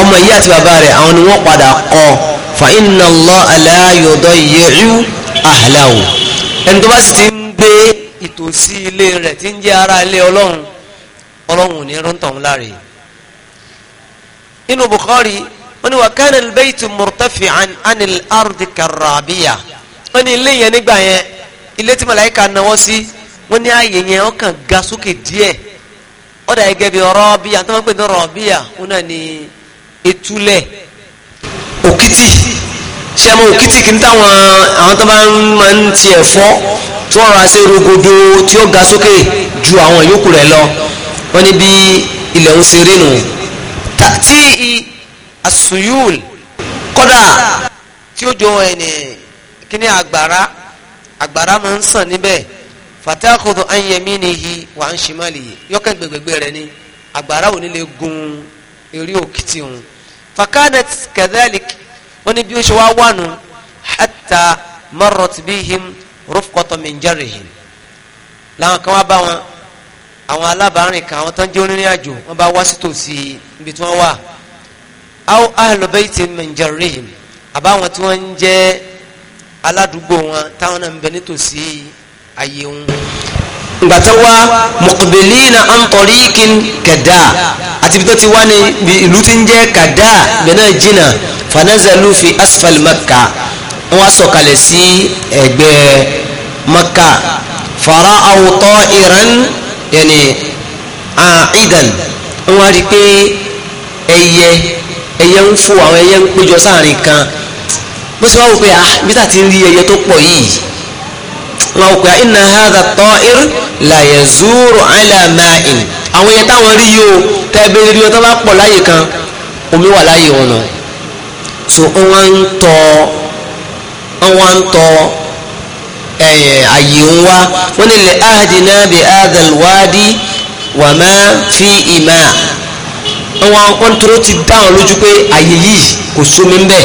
ọmọ yìí àti bàbá rẹ̀ àwọn ni wọ́n padà kọ́ fa inna Allah la yudayyi'u ahlahu ẹni tó bá sì ti dé ìtòsí ilé rẹ̀ tí ń jẹ́ ara ilé ọlọ́run ọlọ́run ní rúntàn láre inú Bukhari wọ́n ní wa kana al-baytu murtafi'an anil ardi karrabiya wọ́n ní ilé yẹn nígbà yẹn ilé tí màláíkà náwó sí wọ́n ní ààyè yẹn ó ga sókè díẹ̀ ó dà gẹ́gẹ́ bí tó máa ń pè ní rọ́bíà wọ́n náà ní etúlẹ̀ òkìtì ṣe àmọ́ òkìtì kí n táwọn àwọn tó bá máa ń ti ẹ̀fọ́ tí wọ́n ra ṣe rogodo tí ó ga sókè ju àwọn yòókù rẹ̀ lọ wọ́n ní bí ilẹ̀ ń ṣe rí nù. tí asuyul kódà tí ó jọ ẹni kí àgbàrá àgbàrá máa ń sàn níbẹ̀ fatakodo anyemi ni yi wà ń ṣe má lè yí yọkẹ́ gbẹgbẹgbẹ rẹ ni àgbàrá ò ní lè gun eré òkìtì òun fakanet kẹdẹ́lìkì wọ́n ní bí ó ṣe wá wà nù hatta marrat bihim rufqatan min jarihim làwọn kan wá bá wọn àwọn alábàárìn kan àwọn tán jẹ́ onírìn àjò wọ́n bá wá sí tòsí ibi tí wọ́n wà aw ahlu baytin àbáwọn tí wọ́n ń jẹ́ aládùúgbò wọn táwọn náà ń bẹ nítòsí ayé wọn ngbàtọ́ wá muqbilina an tariqin kẹ̀dá àti ibi tó ti wá ní ìlú tí ń jẹ́ kẹ̀dá bẹ̀rẹ̀ jìnnà fanazalu fi asfal maka wọ́n á sọ̀kalẹ̀ sí ẹ̀gbẹ́ maka fara awutọ́ iran yẹni aidan wọ́n á rí pé ẹyẹ ẹyẹ ń fò àwọn ẹyẹ ń péjọ sáàrin kan bó ṣe wá wò pé ah bí tá ti ń rí ẹyẹ tó pọ̀ yìí wọn kò yà inna hadha at-ta'ir la yazuru ala ma'in àwọn yẹn táwọn rí yìí o tẹ́ẹ̀bẹ̀rẹ̀ rí o tó bá pọ̀ láyè kan omi wà láyè wọn nù so wọn ń tọ wọn ń tọ eh, àyè ń wá wọn ní lè ahdina bi adal wadi wà má fi ìmà wọn wọn tó ti dá wọn lójú pé àyè yìí kò sómi ń bẹ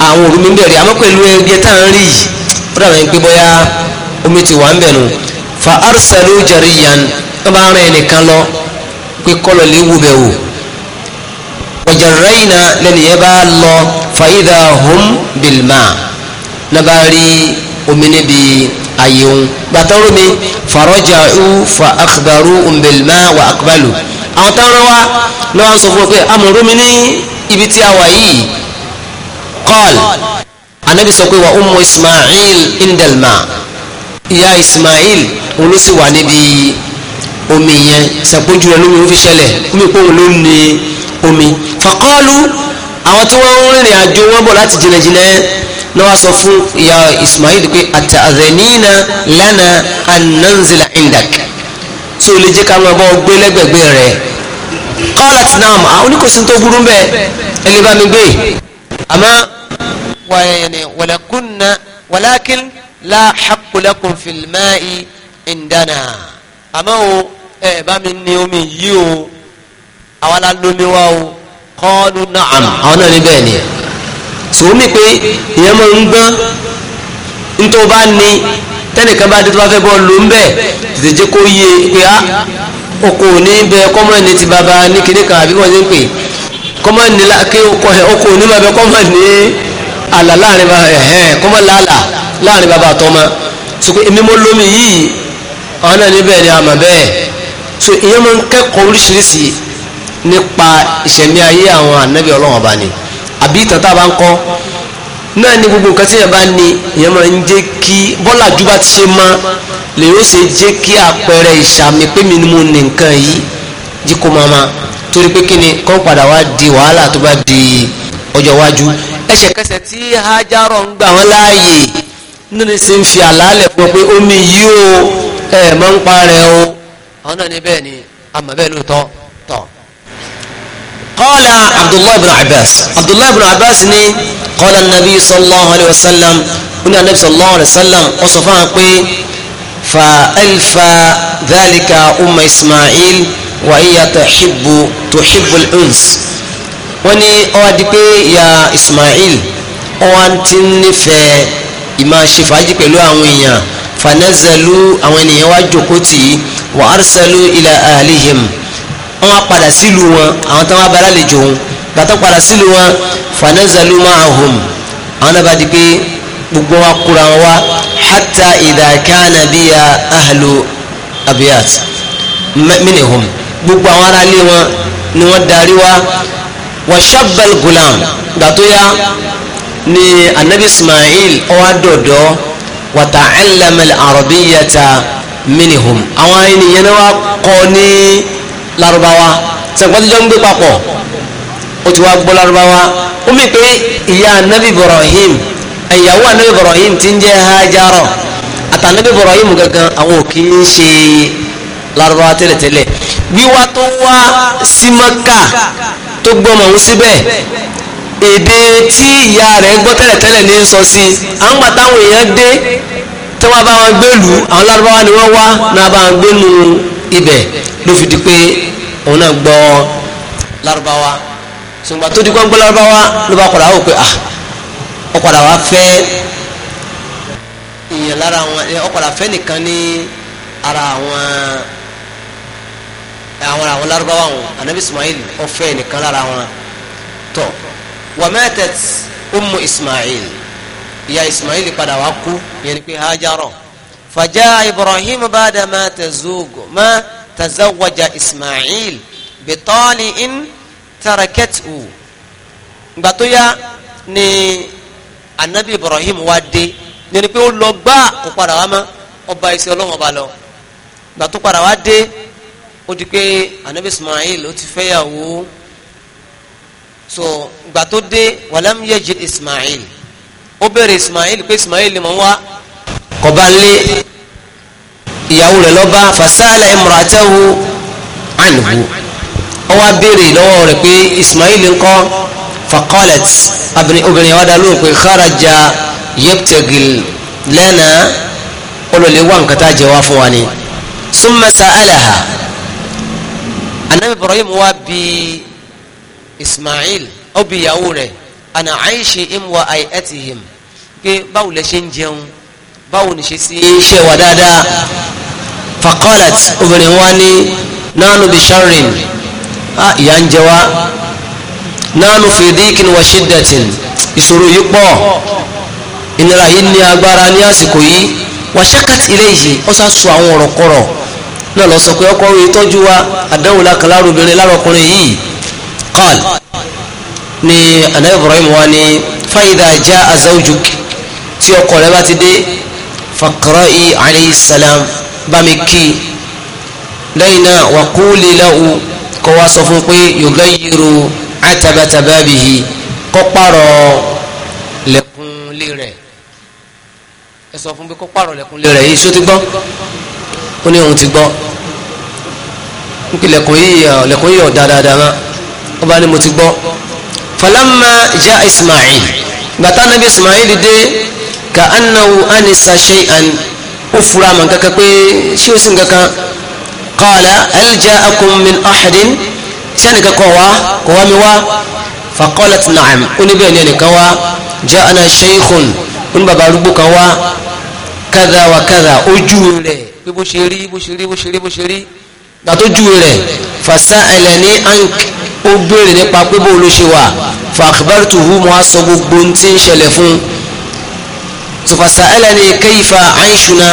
àwọn òru mi ń bẹ rí àmọ́ pẹ̀lú ẹgbẹ́ táwọn rí yìí ó dàbí ẹni pé bóyá omi ti wà ń bẹ̀ nù fa arsalu jariyan tó bá rìn ẹnìkan lọ pé kọ́lọ̀ lè wù bẹ̀ wò wajarayna lẹ́nu yẹn bá lọ fa idha bilma náà rí omi níbi ayé wọn gbàtọ́rọ́ mi farajà u fa akhbaru um bilma wa akbalu àwọn táwọn wá lọ́wọ́ sọ fún ọ pé amòrò mi ní ibi tí a wà yìí kọ́ọ̀lù anabi sọ pé wa umu ismail indalma ìyá ismail òun ló sì wà níbi omi yẹn sàpójú rẹ lómi ó fi ṣẹlẹ̀ omi ìpòhùn ló ní omi fàkọ́ọ̀lù àwọn tí wọ́n ń rìnrìn àjò wọn bọ̀ láti jìnnàjìnnà náà wá sọ fún ìyá ismail pé àtàzẹ̀nìínà lánà ananzila indak tí o lè jẹ́ ká máa bọ́ gbé lẹ́gbẹ̀gbẹ́ rẹ̀ kọ́ọ̀lù àti náà oníkòsí tó burú bẹ́ẹ̀ ẹ lè bá mi gbé àmọ́. ويعني ولكن ولكن لا حق لكم في الماء عندنا àmọ́ o ẹ bá mi ní omi yìí o àwa la lómi wa o kọ́ọ́lù na'am. àwọn náà ní bẹ́ẹ̀ ni sòwò mi pé ìyẹn máa ń gbọ́n nítorí o bá ní tẹ́nìkan bá dé tó bá fẹ́ bọ́ lò ń bẹ̀ tètè jẹ́ kó yé pé á oko ní bẹ kọ́mọ̀ ní ti bàbá ní kíní kan àbí wọ́n ti ń pè kọ́mọ̀ ní la kí oko ní bàbá kọ́mọ̀ ní àlà láàrin bá ẹ̀hẹ́n kọ́mọ́ làálà láàrin bàbá àtọ́mọ́ so pé èmi lómi yìí àwọn náà níbẹ̀ ni àmà bẹ́ẹ̀ so ìyẹn máa ń kẹ́kọ̀ọ́ oríṣiríṣi nípa ìṣẹ̀mí ayé àwọn ànábì ọlọ́run ọba ni àbí ìtàn tá a bá ń kọ́ náà ni gbogbo nǹkan tí yẹn bá ní ìyẹn máa ń jẹ́ kí bọ́lá ju bá ti ṣe mọ́ lè yóò ṣe jẹ́ kí àpẹẹrẹ ìṣàmì pé mi ni mo ní nǹkan yìí jí kó máa ma torí pé kí ni kọ́ padà wá di wàhálà tó bá di ọjọ́ iwájú ẹsẹ̀kẹsẹ̀ tí Hajarọ ń gbà wọ́n láàyè nínú sì ń fi àlàálẹ̀ pọ̀ pé omi yìí o ẹ̀ mọ́ ń parẹ́ o àwọn náà ní bẹ́ẹ̀ ni àmọ́ bẹ́ẹ̀ lóòótọ́ tọ̀. qala Abdullahi ibn Abbas Abdullahi ibn Abbas ni qala nabi sallallahu alayhi wa sallam oní anabi sallallahu alayhi wa sallam ó sọ fún wa pé fa alfa dhalika umma Ismail wa iya tuhibbu tuhibbu al-uns wọ́n ní ó wá di pé ìyá Ismail ó wá ti ń nífẹ̀ẹ́ ìmáa ṣe fàájì pẹ̀lú àwọn èèyàn fanazalu àwọn ènìyàn wá jókòó tì í wa arsalu ila ahlihim wọ́n padà sílùú wọn àwọn tó wá bá lálejò wọn gbàtọ́ padà sílùú wọn fanazalu ma'ahum àwọn náà bá di pé gbogbo wa kura wọn wá hatta idha ahlu abiyat minihum gbogbo àwọn aráalé wọn ni wọ́n darí wá wa shabbal gulam gbàtóyà ni anabi ismail ọwọ́ dọ̀dọ̀ wa ta'allama al-arabiyyata minihum àwọn ènìyàn wa kọ́ ní larubawa sẹ̀gbọ́njọ́ ń gbé papọ̀ ó ti wá gbọ́ larubawa ó mi pé ìyá anabi ibrahim ìyàwó anabi ibrahim ti ń jẹ́ hajara àtànabi ibrahim gangan àwọn ò kì í ṣe larubawa tẹ́lẹ̀tẹ́lẹ̀ wíwá tó wá sí tó gbọ́mọ òun síbẹ̀ èdè tí ìyá rẹ̀ ń gbọ́ tẹ́lẹ̀tẹ́lẹ̀ ní sọ sí àwọn gbà táwọn èèyàn dé tí wọ́n bá wọn gbèlú àwọn lárúbáwá ni wọ́n wá náà bá wọn gbénu ibẹ̀ ló fi di pé òun náà gbọ́ lárúbáwá ṣùgbọ́n tó di kó ń gbọ́ lárúbáwá ló bá padà wò pé ah ó padà wá ìyẹn lára àwọn ó padà nìkan ní ara wa àwọn àwọn Lárúbáwá wọn anabi Ismail ọfẹ nìkan lára wọn tọ wàmẹtẹt umu Ismail ìyá Ismail padà wá kú yẹn ni pé hajarọ fàjà Ibrahim bàdà má tẹzógo má tẹzẹwàjà Ismail bìtọ́ni in tarakẹ́tù gbàtóyà ni anabi Ibrahim wá dé yẹn ni pé ó lọ gbá kó padà wá mọ́ ọba ìṣẹ́ ọlọ́wọ́n ọba lọ gbàtó padà wá dé ó di pé anabi ismail ó ti fẹ́yàwó so ìgbà tó dé wàlám yẹjì ismail ó bẹ̀rẹ̀ ismail pé ismail mọ̀ wá kọba lé ìyàwó rẹ̀ lọ́ba fasala imratahu anhu ó wá béèrè lọ́wọ́ rẹ̀ pé ismail ńkọ́ faqalat obìnrin wa dá lóhùn pé kharaja yabtagil lana ó lọ lè wá nǹkan tá a jẹ wá fún wa ni summa sa'alaha anabi ibrahim wa bi ismail ó bi ìyàwó rẹ̀ ana aishi im wa ai etihim pé báwo lẹ ṣe ń jẹun báwo ni ṣe sí iṣẹ́ wa dáadáa faqalat obìnrin wa ní nánú bi sharrin a ah, ìyà ń jẹ wá nánú fi dikin wa shiddatin ìṣòro yìí pọ̀ ìnira yìí ní agbára ní àsìkò yìí wa shakat ilayhi ó sá sọ àwọn ọ̀rọ̀ kọ̀rọ̀ náà lọ sọ pé ọkọ wo ìtọ́jú wa àdánwò lákan lára obìnrin lára ọkùnrin yìí qal ni ana Ibrahim wa ni fa idha jaa zawjuk tí ọkọ rẹ bá ti dé faqra'i alayhi salam bá kí lẹ́yìn náà wa quli lahu kọ́ wa sọ fún pé yughayyiru atabata babihi kọ́ pààrọ̀ lẹ́kùnlé rẹ̀ ẹ sọ fún pé kọ́ pààrọ̀ lẹ́kùnlé rẹ̀ yìí ṣó ti gbọ́ ó ní òun ti gbọ́ n kì lẹ́kùn yìí lẹ́kùn yìí ọ̀dà dáadáa mọ́ ó bá ní mo ti gbọ́ falamma ja ismail gbàtà nàbí ismail dé ka annahu anisa shay'an ó fura mọ̀ kankan pé ṣé ó sì ń kankan qala hal ahadin ṣé ẹnìkan kọ̀ wá kọ̀ wá mi wá faqalat na'am ó ní bẹ́ẹ̀ ni ẹnìkan wá ja'ana shaykhun ó ní bàbá arúgbó kan wá kadha wa kadha ojú rẹ̀ pé bó ṣe rí bó ṣe rí bó ṣe rí bó ṣe rí gbà tó júwe rẹ̀ fàṣà ẹlẹ́ni ank ó béèrè nípa pé bó ló ṣe wà fàkìbárì tó hu mọ́ á sọ gbogbo ohun ń ṣẹlẹ̀ fún tó fàṣà ẹlẹ́ni kẹ́yìfà àìṣúná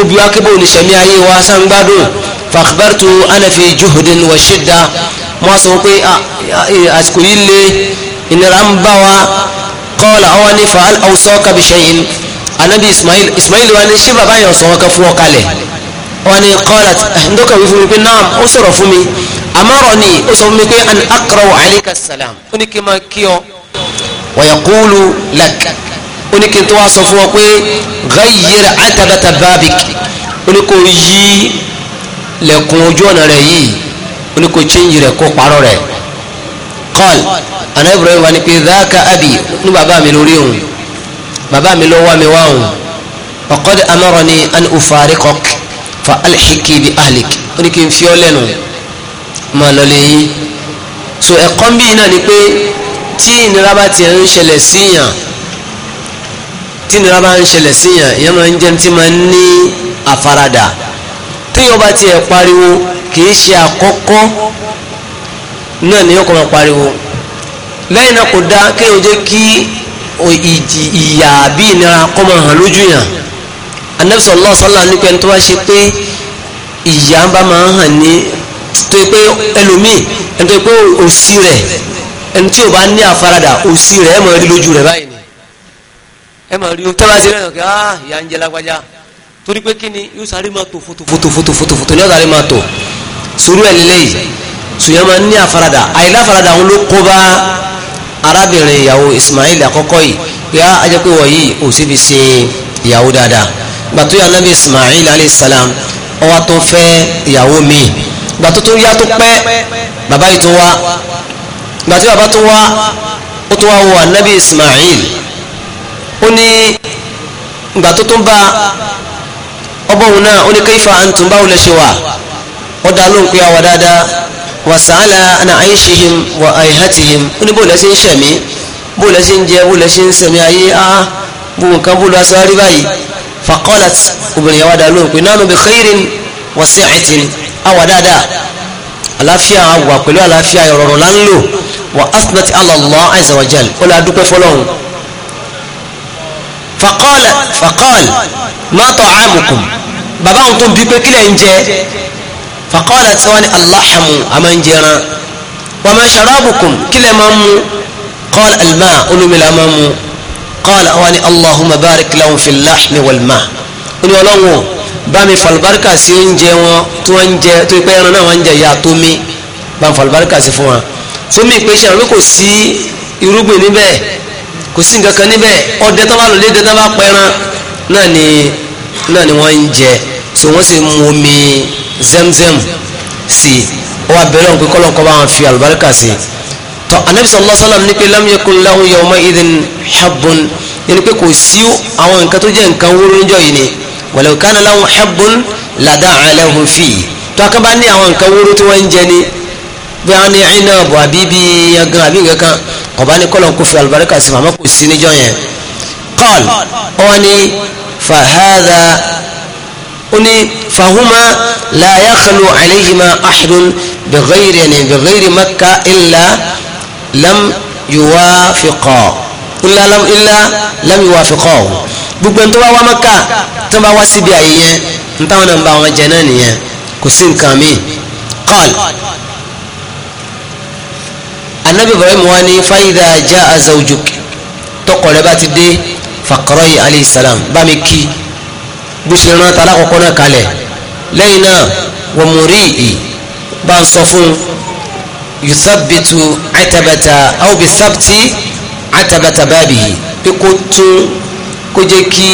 ó bí wá pé bó ní sẹ̀mí ayé wa sáńgbádùn fàkìbárì tó ànàfi juhudin wà ṣídà mọ́ á sọ pé ah, eh, àsìkò yìí le ìnira ń bá wa kọ́ọ̀lá ọwọ́ ní fàál àwùsọ́ kàbíṣẹ́yìn anabi ismail ismail wa ní ṣé bàbá yẹn sọ̀rọ̀ kan fún ọ kalẹ̀ wọn ni qalat ndókà wí fún mi pé naam ó sọ̀rọ̀ fún mi amarani ó sọ fún mi pé an aqra'u alayka salam ó ní kí n máa kí ọ wa yaqulu lak ó ní kí n tó wá sọ fún ọ pé ghayyir atabata babik ó yí lẹ̀kùn ojú ọ̀nà rẹ̀ yìí ó ní rẹ̀ kó parọ́ rẹ̀ qal ana ibrahim wa ni pé dhaka abi ní bàbá mi lórí òun bàbá mi ló mi wá òun wa qad amarani an ufariqak fa alihiki bi ahlik ó ní kí n fi ọ́ lẹ́nu máa lọ so ẹ̀kọ́ bíi náà ni pé tí ìnira bá ti ń ṣẹlẹ̀ síyàn tí ìnira bá ń ṣẹlẹ̀ síyàn ìyẹn máa ń jẹ́ tí máa ń ní àfaradà téèyàn bá tiẹ̀ pariwo kìí ṣe àkọ́kọ́ náà ni yóò kọ́ máa pariwo lẹ́yìn náà kò dáa kéèyàn jẹ́ kí ìyà àbí ìnira kọ́ hàn lójú yàn anabi sallallahu alaihi wasallam nípa ẹni tó bá ṣe pé ìyá bá máa ń hàn ní tó pé ẹlòmíì ẹni tó pé òṣì rẹ̀ ẹni tí ò bá ní àfaradà òṣì rẹ̀ ẹ máa rí lójú rẹ̀ báyìí ni ẹ máa rí o tẹ́ bá ṣe lẹ́nu kí ah ìyá ń jẹ lágbájá torí pé kí ni yóò sáré máa tó fotofotofotofotofotofotò ní ọ̀sáré máa tó sórí ẹ̀ lélẹ́yìí sùyẹ́ máa ní àfaradà àìláfaradà òun ló kó bá arábìnrin ìyàwó Ismail àkọ́kọ́ yìí pé á ah, ajẹ́ pé wọ̀nyí ò síbi ṣe ìyàwó dáadáa gbàtó yà nàbí Ismail alayhi salam ó wá tó fẹ́ ìyàwó mi gbàtó tó yá tó pẹ́ bàbá yìí tó wá gbàtó bàbá tó wá ó tó wá wo ànábì Ismail ó ní gbàtó tó bá ọbọ̀hún náà ó ní kayfa antum báwo lè ṣe wà ó dá lóhùn pé àwà dáadáa wàsàálà ana àyíṣihim wà àyíhàtìhim ó ní bóòlù ẹsẹ̀ ń ṣẹ̀mí bóòlù ẹsẹ̀ ń jẹ bóòlù ẹsẹ̀ ń ṣẹ̀mí ayé á gbogbo nǹkan bóòlù aṣọ àríbáyìí faqalat obìnrin yẹn wá dáa lóhùn pé nánú bi khairin wa si'atin àwà dáadáa àláfíà àwà pẹ̀lú àláfíà ìrọ̀rùn là ń lò wa asnat ala Allah azza wa jal ó lè adúpẹ́ fọlọ́hún. faqala faqala ma ta'amukum bàbá àwọn tó bí pé kílẹ̀ ń jẹ faqala tí wọ́n ní àmà ń jẹran wa ma kílẹ̀ máa ń mu qala alma olómi là máa ń mu qala àwọn ni allahumma barik lahum fil lahmi wal ma ni ọlọ́wọ́ bá mi falbarika sí oúnjẹ wọn tí wọ́n ń jẹ tó ipẹ́ ẹran náà wọ́n ń jẹ ìyá tó mi bá mi falbarika sí fún wa tó mi pé ṣe àwọn kò sí irúgbìn níbẹ̀ kò sí nǹkan kan níbẹ̀ ọdẹ tó bá lò léde tó bá pẹran náà ni náà ni wọ́n ń jẹ so wọ́n sì mu omi zemzem sí wọ́n abẹ́rẹ́ òun pé kọ́lọ́kọ́ bá wọn fi àlùbáríkà sí tọ́ anabi sallallahu alayhi wa sallam ní pé lam yakun lahu yawma idhin habbun yẹni pé kò sí àwọn nǹkan tó jẹ́ nǹkan wúrú níjọ́ yìí ni walau kana lahu habbun lada'a lahu fi tó a kan bá ní àwọn nǹkan wúrú tí wọ́n ń jẹ ni bí wọ́n ní iná bọ̀ àbí bí yangan àbí nǹkan kan ọba ní kọ́lọ̀ kó fi àlùbáríkà sí kò sí níjọ́ yẹn qal wọn ni fahadha oni fahuma la yakhlu alayhima ahadun bighayri yani bighayri makka illa lam yuwafiqa illa lam illa lam yuwafiqa gbogbo ẹni tó bá wá maka tó bá wá síbi àyè yẹn n táwọn náà ń bá wọn jẹ náà nìyẹn kò sí nǹkan mi qal anabi ibrahim wa ni fa idha jaa zawjuk tọkọ ti dé fakọrọ yìí alayhi salam bá mi kí bó ta alákọ̀ọ́kọ́ náà kalẹ̀ lẹ́yìn náà wọ́n mú i bá ń sọ fún yuthabitu atabata aw bi sabti atabata baabihi pé kó tún kó jẹ́ kí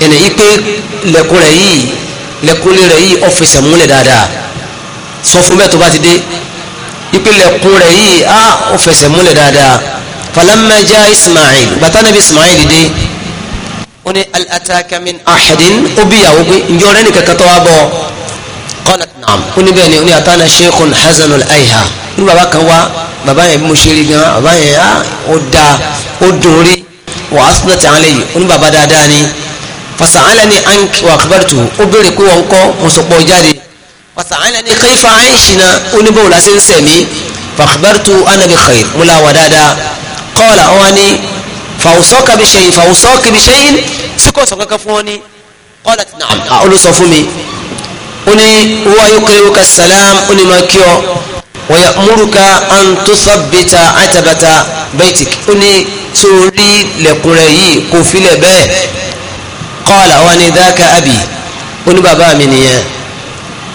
ẹnì yìí pé lẹ́kùn rẹ̀ yìí lẹ́kùn rẹ̀ yìí ó fẹsẹ̀ múlẹ̀ dáadáa sọ fún bẹ́ẹ̀ tó bá ti dé ipe lẹ́kùn rẹ̀ yìí á ó múlẹ̀ dáadáa falamma ismail bàtà nàbí ismail dé ó ní al ataka ó bí ìyàwó pé ǹjọ́ rẹ́ nìkan kan tó wá bọ̀ qalat na'am ó ní bẹ́ẹ̀ ni ó ní àtàna sheikhun hasan al-ayha ní bàbá kan wá bàbá yẹn bí mo ṣe rí gan bàbá yẹn á ah, ó da ó dùn rí wà á sọ́nà tí àwọn lè yìí ó ní bàbá dáadáa ni fasa'ala ni anki wa akhbartu ó béèrè pé wọn kọ́ mo sọ pọ̀ jáde fasa'ala ni kayfa aishina ó ní báwo la ṣe ń sẹ̀mí fa akhbartu ana bi khair mo la wà dáadáa qala wọn ni fàwùsọ́ọ̀kà bí ṣe yìí fàwùsọ́ọ̀kà bí ṣe yìí sí kò sọ kankan fún wọn ni qalat na'am olùsọ ah, fún mi oni wa yukiruka salam oni makiyo wa ya'muruka an tuthabbita atabata baitik oni torí lẹ̀kùnrẹ̀ yìí kò filẹ̀ bẹ́ẹ̀ qala wa ni dhaka abi oni bàbá mi nìyẹn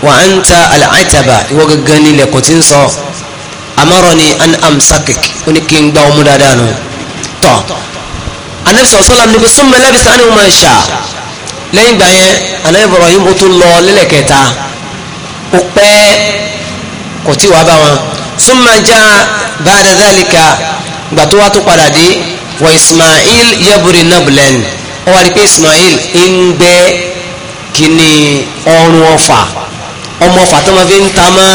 wa anta al'ataba ìwọ gangan ni lẹ̀kùn ti ń amaroni an amsakik oni kí n gbá ọmú dáadáa nù anabi sọ̀sọ́lá mi kò súnmọ́ lábìsí ánìwọ̀n máa ń lẹ́yìn ìgbà yẹn àná Ibrahim ó tún lọ lẹ́lẹ̀kẹta ó pẹ́ kò tí wàá bá wọn súnmọ́ já ba'da dhalika gbà tó wá tó padà dé wọ Ismail yaburi nablen ó wá rí pé Ismail ń gbẹ́ kíní ọrùn ọfà ọmọ ọfà tó máa fi ń ta mọ́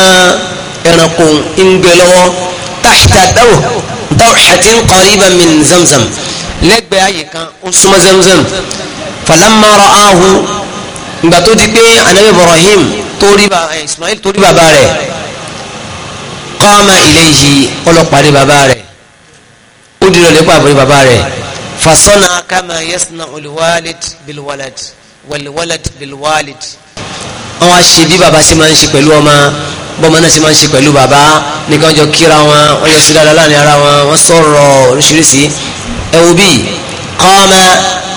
ẹranko ń gbẹ lọ́wọ́ tahta dáwò dáwò hatin qariban min zamzam lẹ́gbẹ̀ẹ́ àyè kan ó súnmọ́ zamzam falamma ra'ahu ìgbà tó di pé anabi ibrahim torí eh, ismail torí bàbá rẹ̀ qama ilayhi ọlọ́pàdé bàbá rẹ̀ ó di lọ́lẹ́ pàbí bàbá rẹ̀ fasọ́nà kama yasna olùwálid bilwalad walwalad bilwalid wọn wá ṣe bí baba ṣe máa ń ṣe pẹ̀lú ọmọ bọ́mọ náà ṣe máa ń ṣe pẹ̀lú baba nìkan jọ kíra wọn wọ́n jọ ṣe dáadáa láàrin ara wọn wọ́n sọ̀rọ̀ oríṣiríṣi ẹ bíi qama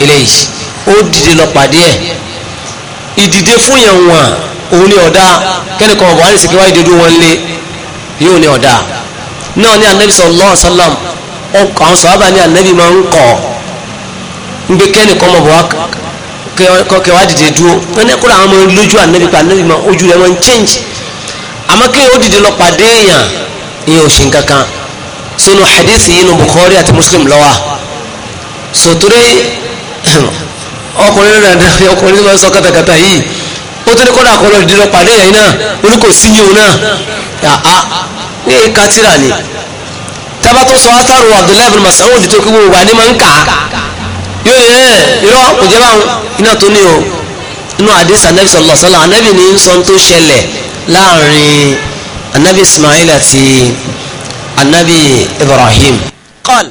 ilayhi ó dìde lọ pàdé ẹ̀ ìdìde fún yẹn wọn òun ni ọ̀dà kẹ́nìkan ọ̀bọ̀ àrísì kí wá ìdìdú wọn lé yóò ní ọ̀dà náà ní anabi sallallahu alaihi wasallam ọkọ̀ àwọn sọ̀rọ̀ ní anabi máa ń kọ̀ ń gbé kẹ́nìkan ọ̀bọ̀ kẹ́ wá dìde dúró wọn ní kúrò àwọn ọmọ lójú anabi pa anabi máa ojú rẹ̀ máa change àmọ́ kí ó dìde lọ pàdé èèyàn ìyẹn ò ṣe nǹkan kan sínú hadith yìí nu Bukhari àti Muslim ló wà ọkùnrin náà ọkùnrin tó máa ń sọ kàtàkàtà yìí ó tó ní kọ́dà kọ́ lọ dídọ́ pàdé ẹ̀yìn náà orí kò sí yìí òun náà yàá ní ẹ̀ka tíra ni tábà tó sọ átàrò Abdullahi bin Mas'ud tó kí wọ́n wà ní máa ń kà á yóò ní ẹ̀ eh, irọ́ kò jẹ́ báwọn iná tó ní o inú àdìsí anabi sallallahu alaihi wasallam anabi ní sọ tó ṣẹlẹ̀ láàrin anabi Ismail àti anabi Ibrahim. qala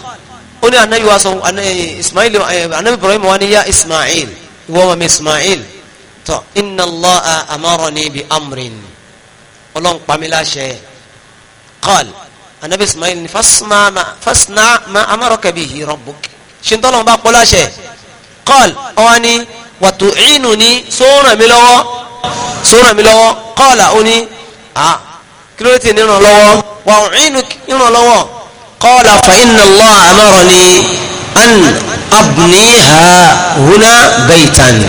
ó ní anabi wa sọ eh, ismail anabi eh, ibrahim wa ni ya ismail ìwọ ọmọ mi ismail tọ inna allah amarani bi amrin ọlọ́run pa mí láṣẹ qal anabi ismail ni fasma ma fasna ma amaraka bihi rabbuk ṣe ń tọ́lọ́run bá pọ́ láṣẹ ọwọ́ ni watu'inuni sóòràn mi lọ́wọ́ mi lọ́wọ́ qala ó ní ah, kí ló dé ní ràn lọ́wọ́ wà ń قال فإن الله أمرني أن أبنيها هنا بيتا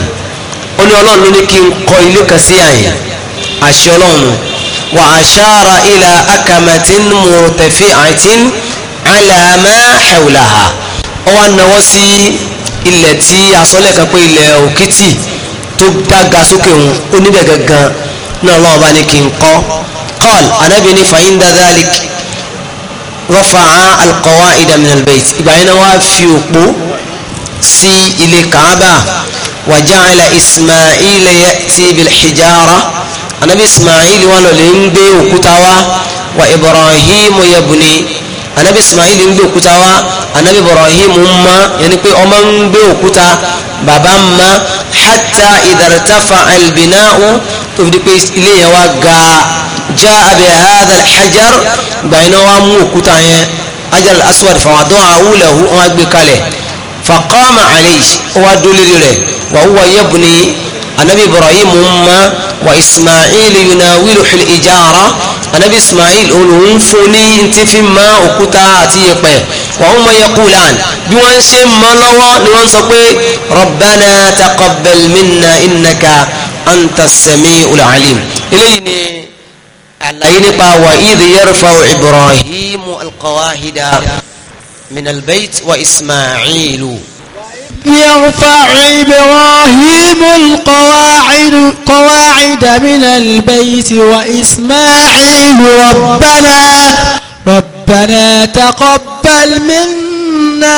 قل الله لك قيلك سيعي أشلون وأشار إلى أكمة مرتفعة على ما حولها وأن وسي ilẹ̀ tí asọ́lẹ̀ kan pé ilẹ̀ òkìtì tó dága sókè òun oníbẹ̀ gangan náà lọ́wọ́ bá ní kí n kọ́ kọ́l anábìíní fàyín dáadáa rafa'a alqawa'ida min albayt ìgbà yẹn wá fi òpó sí ilé kaaba wa ja'ala ismail ya'ti bil hijara anabi ismail wà lọ́lẹ̀ ń gbé òkúta wá wa ibrahim yabni anabi ismail ń gbé òkúta wá anabi ibrahim ń ma yẹn pé ọmọ ń gbé òkúta bàbá ń ma hatta ìdàrẹ́tàfà albinau tó fi di pé ilé yẹn wá ga já abẹ́ hadha alhajar gbàyìnà wá mú òkúta yẹn hajar al-aswad fàwọn àdán àwùlẹ̀hù wọn gbé kalẹ̀ faqama alayhi ó wá dólórí rẹ̀ wa huwa yabni anabi ibrahim ma wa ismail yunawilu hil ijara anabi ismail olùhún fún ní ti fi ma òkúta àti yẹ̀pẹ̀ wọ́n mọ yakulan bí wọ́n ṣe mọ́ lọ́wọ́ ni wọ́n sọ pé rabbana taqabbal minna innaka anta as-sami'ul eléyìí ni àlàyé nípa wa idh yarfa'u ibrahim alqawahida min wa ismailu. يرفع إبراهيم القواعد قواعد من البيت وإسماعيل ربنا ربنا تقبل منا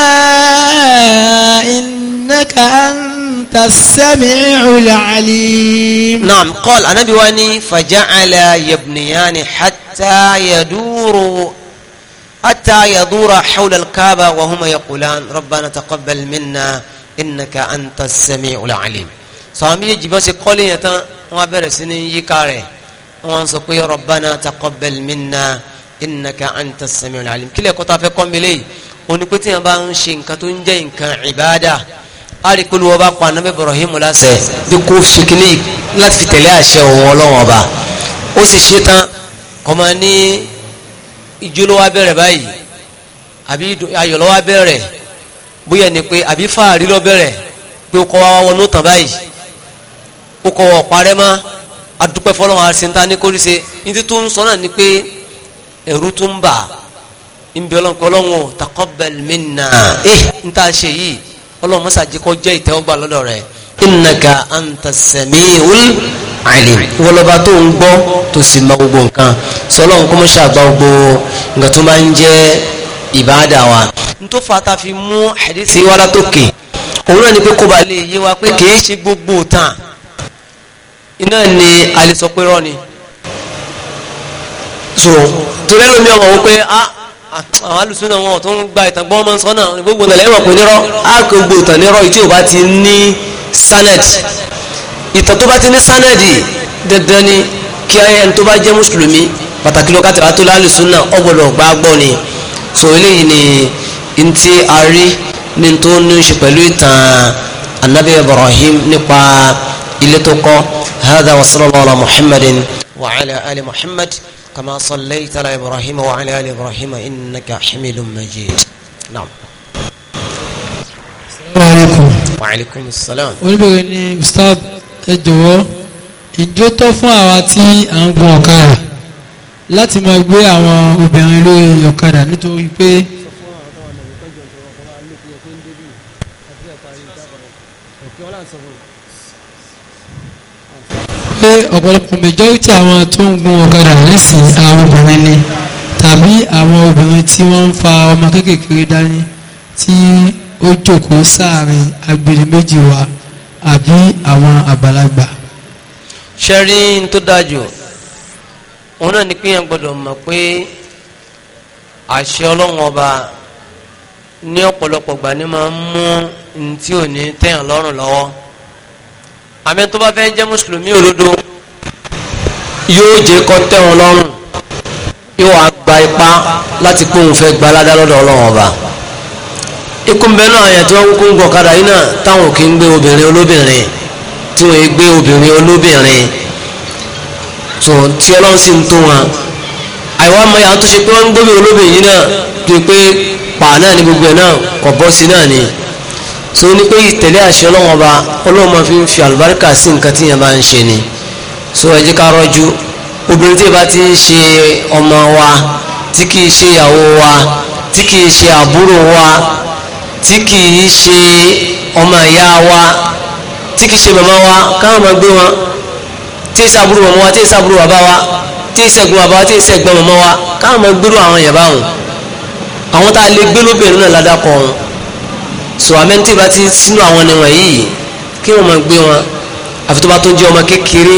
إنك أنت السميع العليم نعم قال أنا بواني فجعل يبنيان حتى يدوروا حتى يدور حول الكعبة وهما يقولان ربنا تقبل منا إنك أنت السميع العليم صامي جبس قولي يتا وابرسن يكاري وانسقوا ربنا تقبل منا إنك أنت السميع العليم كلا قطع في قوم بلي ونكتين بانشين كتنجين كعبادة ari kulu ọba kọ anabi ibrahim lásẹ bí kò fikini láti fi tẹ̀lé àṣẹ òun ọba ó sì ṣe tán kọ́mọ ijó ló wá bẹ̀rẹ̀ báyìí àbí ayọ̀ ló wá bẹ̀rẹ̀ bóyá ni pé àbí fàárí ló bẹ̀rẹ̀ pé ó kọ́ wa wọnú tán báyìí ó kọ́ wọ̀ parẹ́ mọ́ adúpẹ́ fọlọ́wọ́n àṣìntà ní kórìíṣe ní ti tó ń sọ náà ni pé ẹ̀rú tó ń bà níbi ọlọ́nkọlọ́wọ́n taqabbal minna ẹ̀ eh, ń tà ṣe yìí ọlọ́run mọ́sàájì kọ́ jẹ́ ìtẹ́wọ́gbà lọ́dọ̀ rẹ̀ innaka anta samiul Ali, wọlọba tó ń gbọ́ tó sì mọ gbogbo nǹkan sọlọ nǹkan mọ ṣàgbà gbogbo nǹkan tó máa ń jẹ ìbáàdà wa. n tó fa ta fi mú àdìsí wa látòkè òun náà ni pé kó ba lè yé wa pé kì ṣe gbogbo tán iná ni a lè sọ pé rọ ni so torí ẹlòmí ọmọ wọn pé a ah, àwọn alùsùnà wọn tó ń gba ìtàn gbọ́n máa náà gbogbo nàlẹ́ wọn kò nírọ́ a kò gbogbo ìtàn nírọ́ ìtí ò bá ti ní sanad ìtàn tó bá ti ní sánẹ́ẹ̀dì dandan ni kí ẹni tó bá jẹ́ mùsùlùmí pàtàkì lọ́ka tẹ̀lá tó lálẹ́ sunna ó gbọ́dọ̀ gbá gbọ́ ni so eléyìí ni ntí a rí ní tó ní ṣe pẹ̀lú ìtàn anabi ibrahim nípa ilé tó kọ́ hadha wa sallallahu ala wa ala ali muhammad kama sallaita ala ibrahim wa ala ali ibrahim innaka hamidun majid naam. salaamaleykum. wa aleykum salaam. olùbẹ̀rẹ̀ ni ustaz ẹ jọ̀wọ́ ìjó tọ́ fún àwa tí à ń gun ọ̀kadà láti máa gbé àwọn obìnrin lórí ọ̀kadà nítorí pé pé ọ̀pọ̀lọpọ̀ majority àwọn tó ń gun ọ̀kadà nísìnyí àwọn obìnrin ni tàbí àwọn obìnrin tí wọ́n ń fa ọmọ kéékèèké dání tí ó jókòó sáàrin agbèrè méjì wa àbí àwọn àgbàlagbà. ṣẹ́rí ń tó dájú òun náà ni pé yẹn gbọ́dọ̀ mọ̀ pé àṣẹ ọlọ́run ọba ní ọ̀pọ̀lọpọ̀ gbà ní máa ń mú ní tí ò ní tẹ̀yàn lọ́rùn lọ́wọ́ àmì tó bá fẹ́ jẹ́ mùsùlùmí òdodo yóò jẹ́ kó tẹ́ wọn lọ́rùn yóò wá gba ipá láti kó òun fẹ́ gba aládá lọ́dọ̀ ọlọ́run ọba ikunbẹ́nu àyàn tí wọ́n kúkú ń gọ̀kadà yìí náà táwọn kì í gbé obìnrin olóbìnrin tí wọ́n gbé obìnrin olóbìnrin tó tí ọlọ́run sì ń tó wọn àìwá mọ́ya tó ṣe pé wọ́n ń gbóbi olóbìnrin yìí náà tó pé pa náà ní gbogbo ẹ̀ náà kọ̀ bọ́ sí náà ni so ní pé ìtẹ̀lé àṣẹ ọlọ́run ọba ọlọ́run máa fi ń fi àlùbáríkà sí nǹkan tí yẹn bá ń ṣe ni tó ẹ jẹ́ ká rọ́jú obìnrin tí ìbá ti ń ṣe ọmọ wa tí kì í ṣe ìyàwó wa tí kì í ṣe àbúrò wa tí kìí ṣe ọmọ ìyá wa tí kìí ṣe màmá wa káwọn máa gbé wọn tí èsì àbúrò màmá wa tí èsì àbúrò bàbá wa tí èsì ẹ̀gbọ́n bàbá wa tí èsì ẹ̀gbọ́n màmá wa káwọn máa gbérò àwọn yẹn báwọn àwọn tá a lè gbé lóbìnrin náà ládàkọ wọn so àmẹ́ntì bá ti sínú àwọn ẹni wọ̀nyí kí wọ́n máa gbé wọn àfi tó bá tó jẹ́ ọmọ kékeré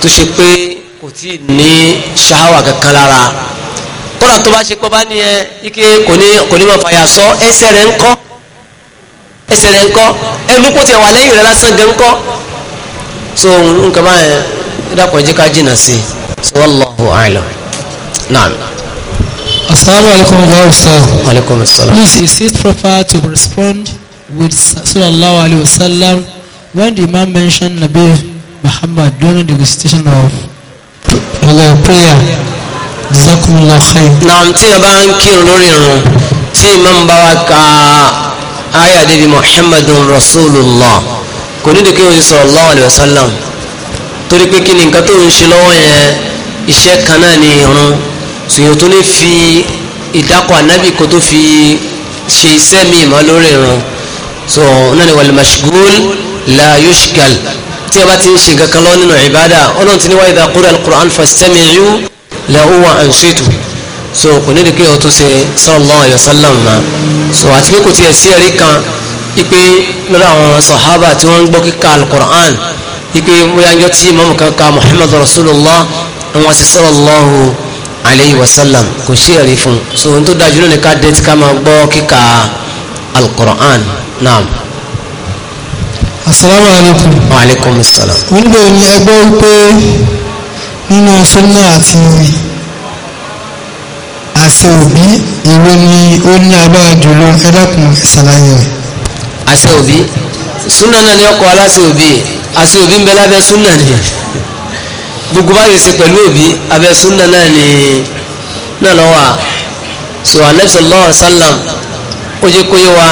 tó ṣe pé kò tí ì ní ṣáwà kankan lára kódà tó bá ṣe pọ́ bá ní ẹ ike kò ní kò fàyà sọ ẹsẹ̀ rẹ̀ ńkọ́ ẹsẹ̀ rẹ̀ ńkọ́ ẹnu kó tiẹ̀ wà lẹ́yìn rẹ̀ lásán gẹ̀ ńkọ́ so nǹkan máa yẹn dàpọ̀ jẹ́ ká jìnnà sí i so wallahu a'lam naam. asalaamu alaykum wa rahmatulah. wa alaykum please is it proper to respond with sallallahu alayhi wa sallam when the imam mentioned nabi muhammad during the recitation of prayer. prayer jazakumullahu khair. naam tí yẹn bá ń kírun lórí irun tí imam bá wa ka aya débi muhammadun rasulullah kò ní dèké oṣù sallallahu alayhi wa sallam torí pé kí ni nǹkan tó ń ṣe lọ́wọ́ yẹn iṣẹ́ kan náà ni irun sèyàn tó lè fi ìdákọ̀ ànábì kó tó fi ṣe iṣẹ́ mi ìmọ̀ lórí irun so náà ni wal mashghul la yushgal tí a bá ti ń ṣe nǹkan kan lọ́wọ́ nínú ìbádà ọlọ́run ti ní wa idha quri'a al-Qur'an fastami'u lẹ́hùwà àǹṣètò so kò ní dèké ọ̀tún ṣe sallallahu alaihi wasallam ma so àti pé kò tiẹ̀ sí ẹ̀rí kan ipe lọ́dọ̀ àwọn sahaba tí wọ́n ń gbọ́ kíka alukur'an ipe bóyá ń jọ tí imaamu kan ka muhammad rasulullah àwọn sì sallallahu alaihi wasallam kò sí ẹ̀rí fún so n tó dájú lónìí ká dé tí ká máa gbọ́ kíka alukur'an naam. asalaamualeykum. wa aleykum salaam. wọ́n ní bẹ́ẹ̀ ni ẹgbẹ́ wípé nínú súnà àti àṣẹ òbí ìwé ni ó ní agbára jùlọ ẹ̀dàkùn ṣàlàyé rẹ̀. àṣẹ òbí súnà náà ni ọkọ aláṣẹ òbí àṣẹ òbí ń bẹ lábẹ́ súnà ni gbogbo bá yẹ ṣe pẹ̀lú òbí abẹ́ súnà náà ni náà lọ́wọ́ à so anabi sallallahu alaihi wa ó jẹ́ kó wa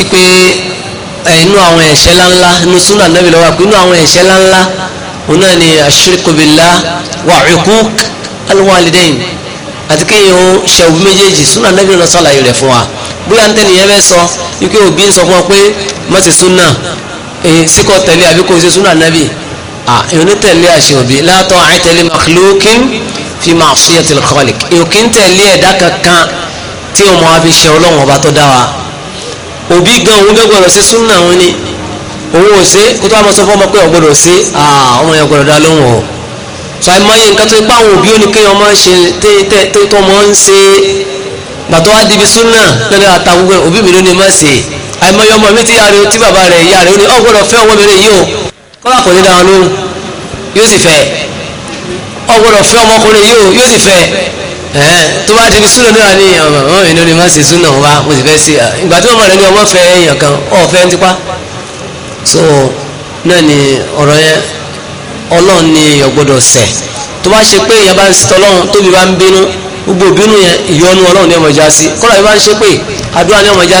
ipe inú àwọn ẹ̀ṣẹ̀ ńláńlá inú súnà anabi lọ́wọ́ àpò inú àwọn ẹ̀ṣẹ̀ ńláńlá ọ̀nà ni ashirku billah wa uquq alwalidain àti kéèyàn ó ṣẹ̀wù méjèèjì súnà nàbí ọ̀nà sọ̀làyé rẹ̀ fún wa bóyá ntẹ́ni yẹn fẹ́ sọ wípé òbí ń sọ fún ọ pé má ṣe súnà síkọ̀ tẹ̀lé àbí kò ṣe súnà nàbí èèyàn ní tẹ̀lé àṣẹ òbí la ta'ata li makhluqin fi ma'siyatil khaliq èèyàn kì í tẹ̀lé ẹ̀dá kankan tí ọmọ wa fi ṣe ọlọ́run ọba tó dá wa òbí gan òun gbẹ́gbẹ́ lọ sí súnà òun ni òun ò ṣe kó tó wá máa sọ fún ọmọ pé ọ̀gbọ́dọ̀ ṣe ọmọ yẹn ọ̀gbọ́dọ̀ dá lóhùn o tó àìmọye nǹkan tó ipá àwọn òbí ó ní kéèyàn máa ń ṣe tó mọ́ ń ṣe gbàtọ́ wá dibi súnà lẹ́nu àtàwọn òbí mi ló ní má ṣe àìmọye ọmọ mi ti yára o tí bàbá rẹ̀ yára o ní ọ̀gbọ́dọ̀ fẹ́ ọmọbìnrin yìí o kọ́lá kò ní dáhùn lóhùn yóò sì fẹ́ ọ̀gbọ́dọ̀ fẹ́ ọmọkùnrin yìí o yóò sì fẹ́ tó bá débi súnà náà ní ọmọ ìnáwó ni má ṣe súnà wá mo sì fẹ́ ṣe ìgbà tí ọmọ rẹ ní ọmọ fẹ́ èèyàn kan ọ̀fẹ́ ń tipa so náà ni ọ̀rọ̀ yẹn ọlọ́run ni èèyàn gbọ́dọ̀ ṣẹ̀ tó bá ṣe pé èèyàn bá ń sitọ́ ọlọ́run tóbi bá ń bínú gbogbo bínú yẹn ìyọnu ọlọ́run ni ọmọ ìjà sí kọ́lá yẹn bá ń ṣe pé àdúrà ni ọmọ ìjà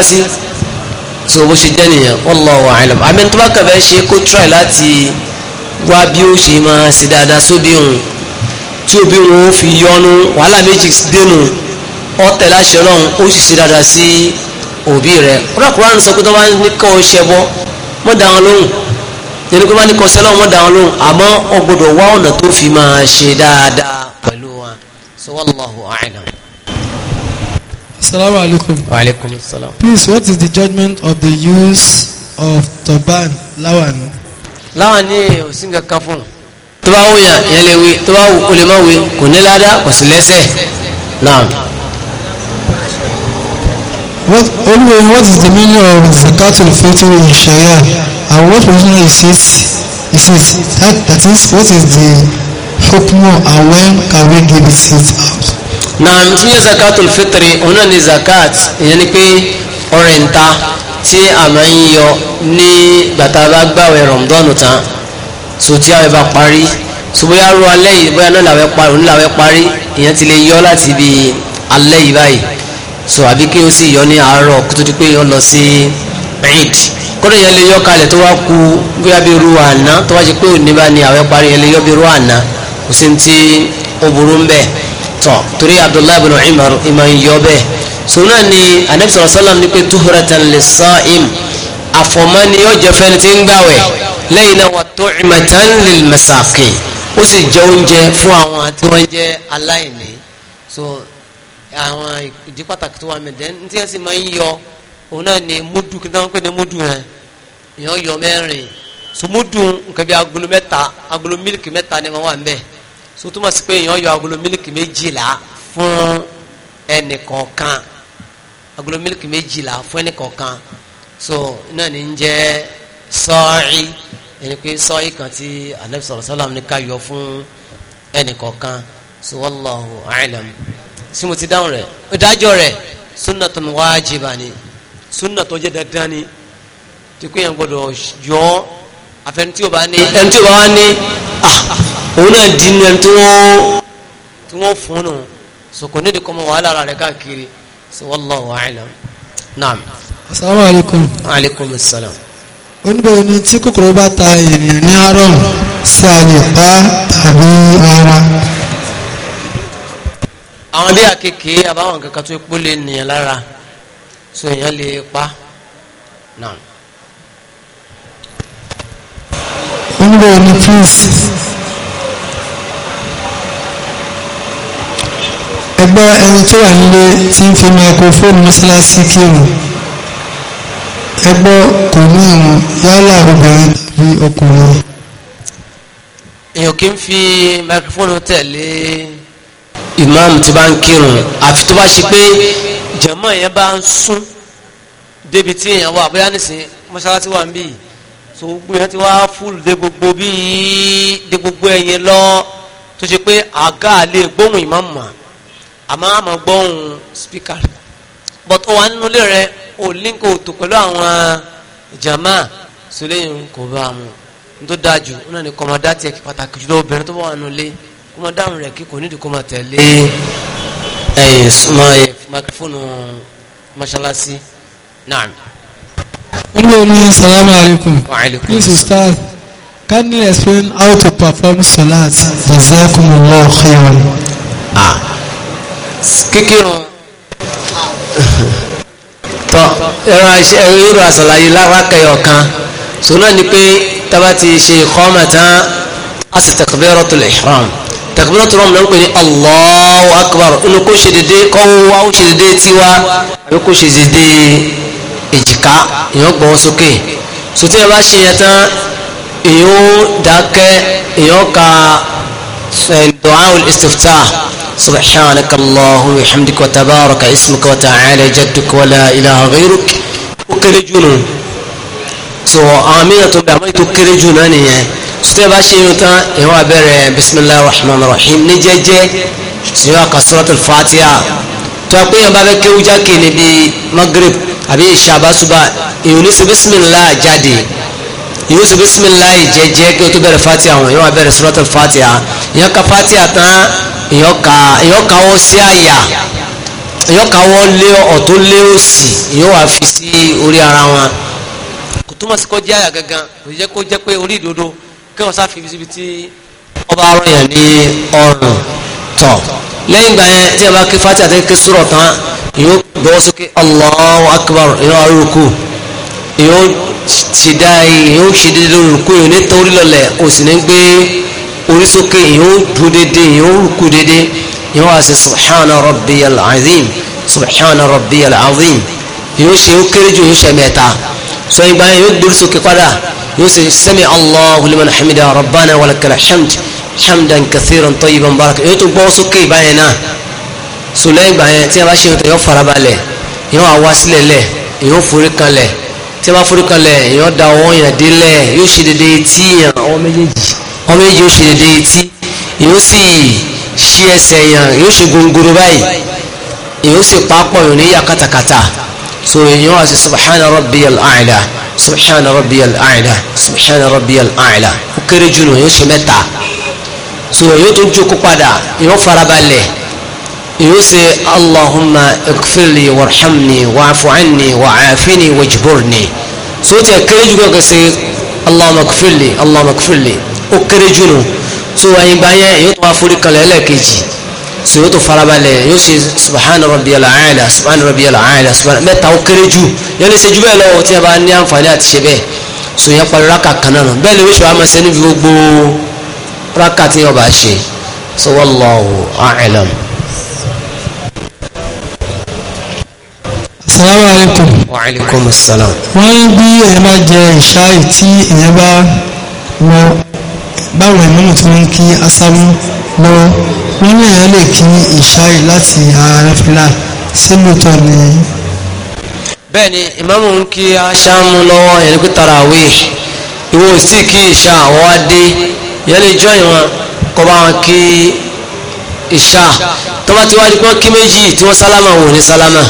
so bó ṣe jẹ́ nìyẹn wallahu a'lam àmì tó bá kàn fẹ́ ṣe kó try láti wá bí ó ṣe máa ṣe dáadáa sóbì òun tí òbí wọn ó fi yọnu wàhálà méjì dénú ọ̀tẹ̀ láṣẹ ọlọ́run ó sì ṣe dáadáa sí òbí rẹ̀ mọ́ da wọn lóhùn yẹnu pé wọ́n ní kọsẹ́ lọ́wọ́ mọ́ da wọn lóhùn àmọ́ ó gbọ́dọ̀ wá ọ̀nà tó fi máa ṣe dáadáa pẹ̀lú wa so wallahu a'lam. Assalamu Wa alaikum assalam. Please, what is the judgment of the use of turban lawan? Láwàní ò sí nǹkan kan fún un. Tó bá wù yàn, yẹn lè wí. Tó bá wù kò lè má wí. Kò ní ládàá, kò sí lẹ́sẹ̀. Naam. What, anyway, what is the meaning of the cattle fitr in Sharia? And what position is it? Is it that, that is what is the hukmu and when can we give it out? Naam, tí yẹ zakatul fitr òun náà ni zakat ìyẹn ni pé ọrẹ ń ta tí a máa ń yọ ní gbàtà bá gbàwẹ̀ rọ̀mùdọ́nù tán so tí àwẹ̀ bá parí so bóyá ru alẹ́ yìí bóyá náà làwẹ̀ parí òun làwẹ̀ parí ìyẹn ti lè yọ láti ibi alẹ́ yìí báyìí so àbí kí o sì yọ ní àárọ̀ kó tó di pé yọ lọ sí eid kódà yẹn lè yọ kalẹ̀ tó wá ku bóyá bí ru àná tó wá ṣe pé òní bá ní àwẹ̀ parí yẹn lè yọ bí ru àná kò sí ní ti ó burú ń bẹ̀ torí abdullahi bin umar ìmọ̀ ń yọ bẹ́ẹ̀ so náà ni anabi sallallahu alaihi wasallam ní pé tuhratan lis-sa'im àfọ̀mọ́ni yóò jẹ fẹ́ni tí ń gbàwẹ̀ lẹ́yìn náà wà tu'matan lil-masakin ó sì jẹ oúnjẹ fún àwọn tí wọ́n aláìní so àwọn ìdí pàtàkì tó wà mẹ́tẹ́ ní tí wọ́n sì máa ń yọ òun náà ni múdù kí wọ́n pè ní múdù yẹn èèyàn yọ mẹ́rin so múdù nǹkan bí agolo mẹ́ta agolo mílìkì mẹ́ta ni wọ́n wà ń bẹ̀ so túmọ̀ sí pé èèyàn yọ agolo mílìkì méjìlá fún ẹnì kọ̀ọ̀kan agolo mílìkì méjìlá fún ẹnì so náà ní ń jẹ́ sọ́ọ̀rì ẹni pé sọ́ọ̀rì kan tí anabi sọ̀rọ̀ sọ́lá ká yọ fún ẹnì kọ̀ọ̀kan so wallahu a'lam sí mo ti dáhùn rẹ̀ ìdájọ́ rẹ̀ sunnatun wajiba ni sunnatun jẹ́ dandan ni tí kò yẹn gbọ́dọ̀ yọ ọ́ àfẹn tí o bá ní ẹni tí o bá wá ní òun náà di inú ẹni tí wọ́n tí wọ́n fún nù sọ̀kò nídìí kọ́mọ wàhálà ara rẹ̀ káàkiri sọ wallahu a'lam naam. asalaamualeykum. aleykum salaam. oníbẹ̀rẹ̀ ni tí kòkòrò bá ta ènìyàn ní arọ́ sí àyè pa tàbí ara àwọn bí àkekè àbáwọn kankan tó pọ̀ lè nìyàn lára so èèyàn lè pa náà. nígbà ni fees ẹgbẹ́ ẹni tó wà nílé tí ń fi microphone mọ́ṣáláṣí kírun ẹgbọ́ kò ní ìrùn yálà obìnrin tàbí ọkùnrin. èèyàn kì í fi microphone tẹ̀lé imam ti bá ń kírun àfi tó bá ṣe pé jẹ̀mọ́ yẹn bá ń sún débi tí èèyàn wà bóyá nìsín mọ́ṣáláṣí wà ń bì so gbogbo yẹn ti wá fúlù dé gbogbo bíi dé gbogbo ẹ̀yìn lọ tó ṣe pé àga àlè gbóhùn imam àmọ́ àmọ́ gbóhùn speaker but ó wà nínú ilé rẹ ò líǹkì òtò pẹ̀lú àwọn jama sọlẹ́yìn kò bá mu n tó dáa jù ó náà ní kọ́mọdá tiẹ̀ pàtàkì jùlọ obìnrin tó bá wà nínú ilé kó máa dáhùn rẹ̀ kí kò nídìí kó máa tẹ̀lé ẹ̀yìn súnmọ́ ẹ̀ mákífóònù mọ́ṣáláṣí náà. olórí salamu alaykum please ustaz can you explain how to perform salat jazakumullahu khairan. Ah. kíkírun tọ ẹran irú àṣàlàyé láwákẹyọ kan sọ náà ni pé tábà ti ṣe ìkọ́mọ̀ tán a sì takbiratul ihram takbira tó rọmùnà ń pè ní Allahu akbar inú kó ṣe dédé kọ́wọ́ wa ó ṣe dédé tiwa àbí kó ṣe dédé èjìká èèyàn gbọ́n sókè sotí ẹ bá ṣe yẹn tán èèyàn dákẹ́ èèyàn ka du'aul istiftah subhanaka Allahumma wa hamdika wa tabaraka ismuka wa ta'ala jadduka wa ilaha ghayruk ó kéré jù nù àwọn mìíràn tó bẹ àmọ́ ètò kéré jù náà nìyẹn sotẹ́ bá ṣe yun tán ìwọ́n abẹ́rẹ́ bisimilahi rahman rahim ní jẹ́jẹ́ tí wọ́n ka suratul fatiha tó a pé yẹn bá bẹ kéwu jákè ní bíi magrib àbí ìṣàbásùbà ìwọ́n ní sẹ́ bisimilahi jáde ìwọ́n sẹ́ bisimilahi jẹ́jẹ́ kí o tó bẹ̀rẹ̀ fatiha wọn ìwọ́n abẹ́rẹ́ suratul fatiha ìyọ́n ka fatiha tán ìyọ́n ka ìyọ́n ka wọ́n sí àyà ìyọ́n ka wọ́n lé ọ̀tún lé òsì ìyọ́n wà fi sí orí ara wọn kò túmọ̀ sí kó àyà gangan kò jẹ́ kó jẹ́ pé orí ìdodo kí wọ́n sá fi síbi tí ọba arọ yẹn ní ọrùn tọ̀ lẹ́yìn ìgbà yẹn tí a bá ké fati àti ké sùrọ̀ tán yóò gbọ́ sókè Allahu akbar yóò arúgbó yóò ṣe dá yóò ṣe dédé lórí rúkú yóò ní torí lọlẹ̀ o sì ní gbé orí sókè yóò dúró dédé yóò rúkú dédé yóò wá sí subhana rabbiyal azim subhana rabbiyal azim yóò ṣe yóò kéré jù yóò ṣe mẹ́ta sọ ìgbà yẹn yóò gbórí sókè padà yóò sì sami Allahu liman hamida rabbana walakal hamd hamdan kathiran tayyiban baraka yóò tún gbọ́ sókè báyẹn náà sùlẹ̀ ìgbà yẹn tí a bá ṣe ìtàn yóò farabalẹ̀ yóò wá sílẹ̀ lẹ̀ yóò forí kanlẹ̀ tí a bá forí kanlẹ̀ yóò da ọwọ́ yẹn délẹ̀ yóò ṣe dédé etí yẹn ọwọ́ méjèèjì ọwọ́ méjèèjì yóò ṣe dédé etí yóò sì ṣí ẹsẹ̀ yẹn yóò ṣe gongoro báyìí yóò sì pápọ̀ yóò ní yà kàtàkàtà so yóò wá sí subhana rabbiyal a'la subhana rabbiyal a'la subhana rabbiyal a'la ó kéré jù nù yóò ṣe mẹ́ta so yóò tún jókòó padà yóò farabalẹ̀ yóò ṣe allahumma ikfirli warhamni wa'fu anni wa'afini wajburni so tẹ kéré jù kankan ṣe allahumma ikfirli allahumma ikfirli ó kéré jù nù so àyìnbá yẹn yóò tún wá forí kalẹ̀ ẹlẹ́ẹ̀kejì so yóò tó farabalẹ̀ yóò ṣe subahana rabbiyal aala subahana rabbiyal aala subahana mẹ́ta ó kéré jù yẹn lè ṣe jù bẹ́ẹ̀ lọ́wọ́ tí a bá ní àǹfààní àti ṣe bẹ́ẹ̀ so yẹn parí raka kan náà bẹ́ẹ̀ lè wíṣọ àmọ́ sẹ́ni fi gbogbo raka tí yọba ṣe so wallahu a'lam. salamu alaykum. wa alaykum salaam. wọ́n ní bí ẹ̀yẹ́ bá jẹ ìṣá tí ẹ̀yẹ́ bá wọ báwo ẹ̀mọ́nù tí ń kí asáwí lọ́wọ́ wọ́n ní èèyàn lè kí ìṣáì láti ara fìlà sí lóòótọ́ ni. bẹ́ẹ̀ ni ìmáàmù ń kí aṣáámú lọ́wọ́ yẹn pé tarawih ìwọ ò sì kí ìṣá àwọn wá dé yẹn lè jọ ìwọ̀n kọ́ bá wọn kí ìṣá tó bá ti wá di pé wọ́n kí méjì tí wọ́n sálámà wò ní sálámà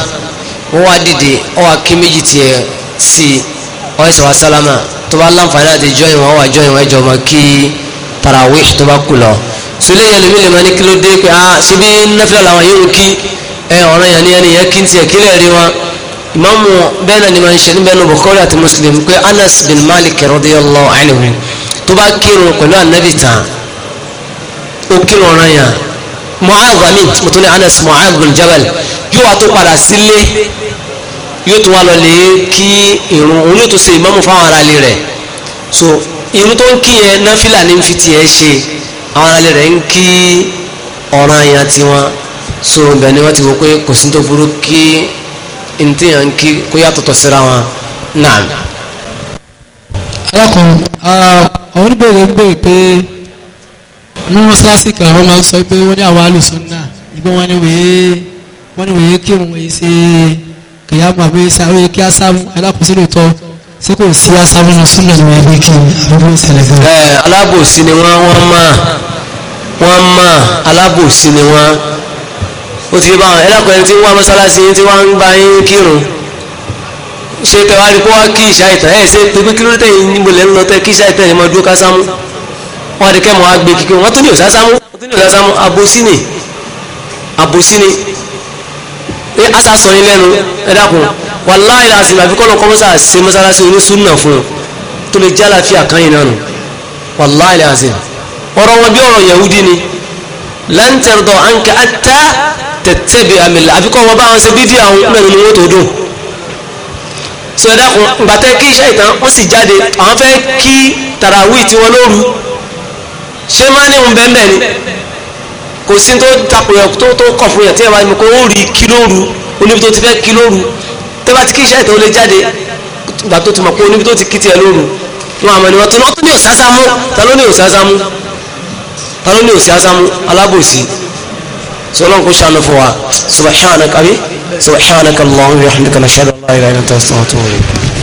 wọ́n wá dìde wọ́n wá kí méjì tiẹ̀ sí wọ́n ṣe wá sálámà tó bá láǹfààní àti jọ ìwọ̀n wọ́n wá jọ ìwọ̀n ẹ̀jọ̀ mọ́ kí tarawih tó bá kù lọ sọlẹ́ yẹn lómi lè máa ní kí ló dé pé ah síbi náfìlà làwọn yóò kí ẹ ọ̀ràn yẹn ni ẹni yẹn kí n tiẹ̀ kílẹ̀ rí wọn ìmáàmù bẹ́ẹ̀ náà ni máa ń ṣe níbẹ̀ nù Muslim pé Anas bin Malik radiyallahu anhu tó bá kírun pẹ̀lú anabi tán ó kírun ọ̀ràn yẹn Mu'adh ami mo tún Anas Mu'adh bin Jabal yóò wá tó padà sílé yóò tún wá lọ lè kí irun òun yóò tún ṣe ìmáàmù fáwọn aráalé rẹ̀ so irun tó ń kí yẹn náfìlà ní fi tiẹ̀ ṣe àwọn aráàlú rẹ̀ ń kí ọ̀ràn yẹn tiwọn so ibẹ̀ ni wọ́n ti wò pé kò sí tó burú kí n tí yẹn ń kí kó yàtọ̀ tọ̀ síra wọn náà. alákùnrin àwọn oníbèrè ń béèrè pé ní mọ́ṣáláṣí kan wọ́n máa ń sọ pé wọ́n ní àwọn alùsùnà ìgbọ́n wọn ni wèé wọ́n ní wèé kírun wèé ṣe kìyàmù àbí sáré kí á sáàmù alákùnrin sí ṣé kò sí asábínú sílẹ̀ ní ẹbí kí ló ń ṣẹlẹ̀ gan. ẹ eh, alábòsí ni wọn wọn máa wọn máa alábòsí ni wọn ó ti bá wọn ẹ dákun ẹni tí wọn mọ́sálásí tí wọn ń bá yín kírun ṣe tẹwàá ni kó wá kí ìṣá ìtàn ẹ ṣe pé kí ló dé yìí níbo lẹ ń lọ tẹ kí ìṣá ìtàn yìí máa dúró kásámú wọn àdìkẹ́ mọ́ àgbè kíkẹ́ wọn tún ní òsásámú wàláì lásìmọ̀ àfi kọ́ lọ kọ́ mọ́sá sí mọ́sálásí onísúnà fún tó lè jálá fi àkànyìn náà nù wàláì lásìmọ̀ ọ̀rọ̀ wọn bí ọ̀rọ̀ yahudi ni lan tarda anka atta tattabi amìlà àfi kọ́ wọn bá wọn ṣe bídí àwọn mẹ́rin ni wọ́n tó dùn sọ bàtẹ́ kí iṣẹ́ ìtàn wọ́n sì jáde àwọn fẹ́ kí tàràwí tí wọ́n lóru ṣé máa ní òun bẹ́ẹ̀ ni tó bá kí iṣẹ́ ìtọ́ lè jáde gbà tó ti mọ̀ pé oníbi tó ti kí tiẹ̀ lóru wọn àmọ́ ni wọ́n tó ní òsásámú ta òsásámú ta òsásámú alábòsí sọlọ́n kò ṣàánú fún wa subhanaka abi subhanaka allahumma wa bihamdika nashhadu an la ilaha illa anta astaghfiruka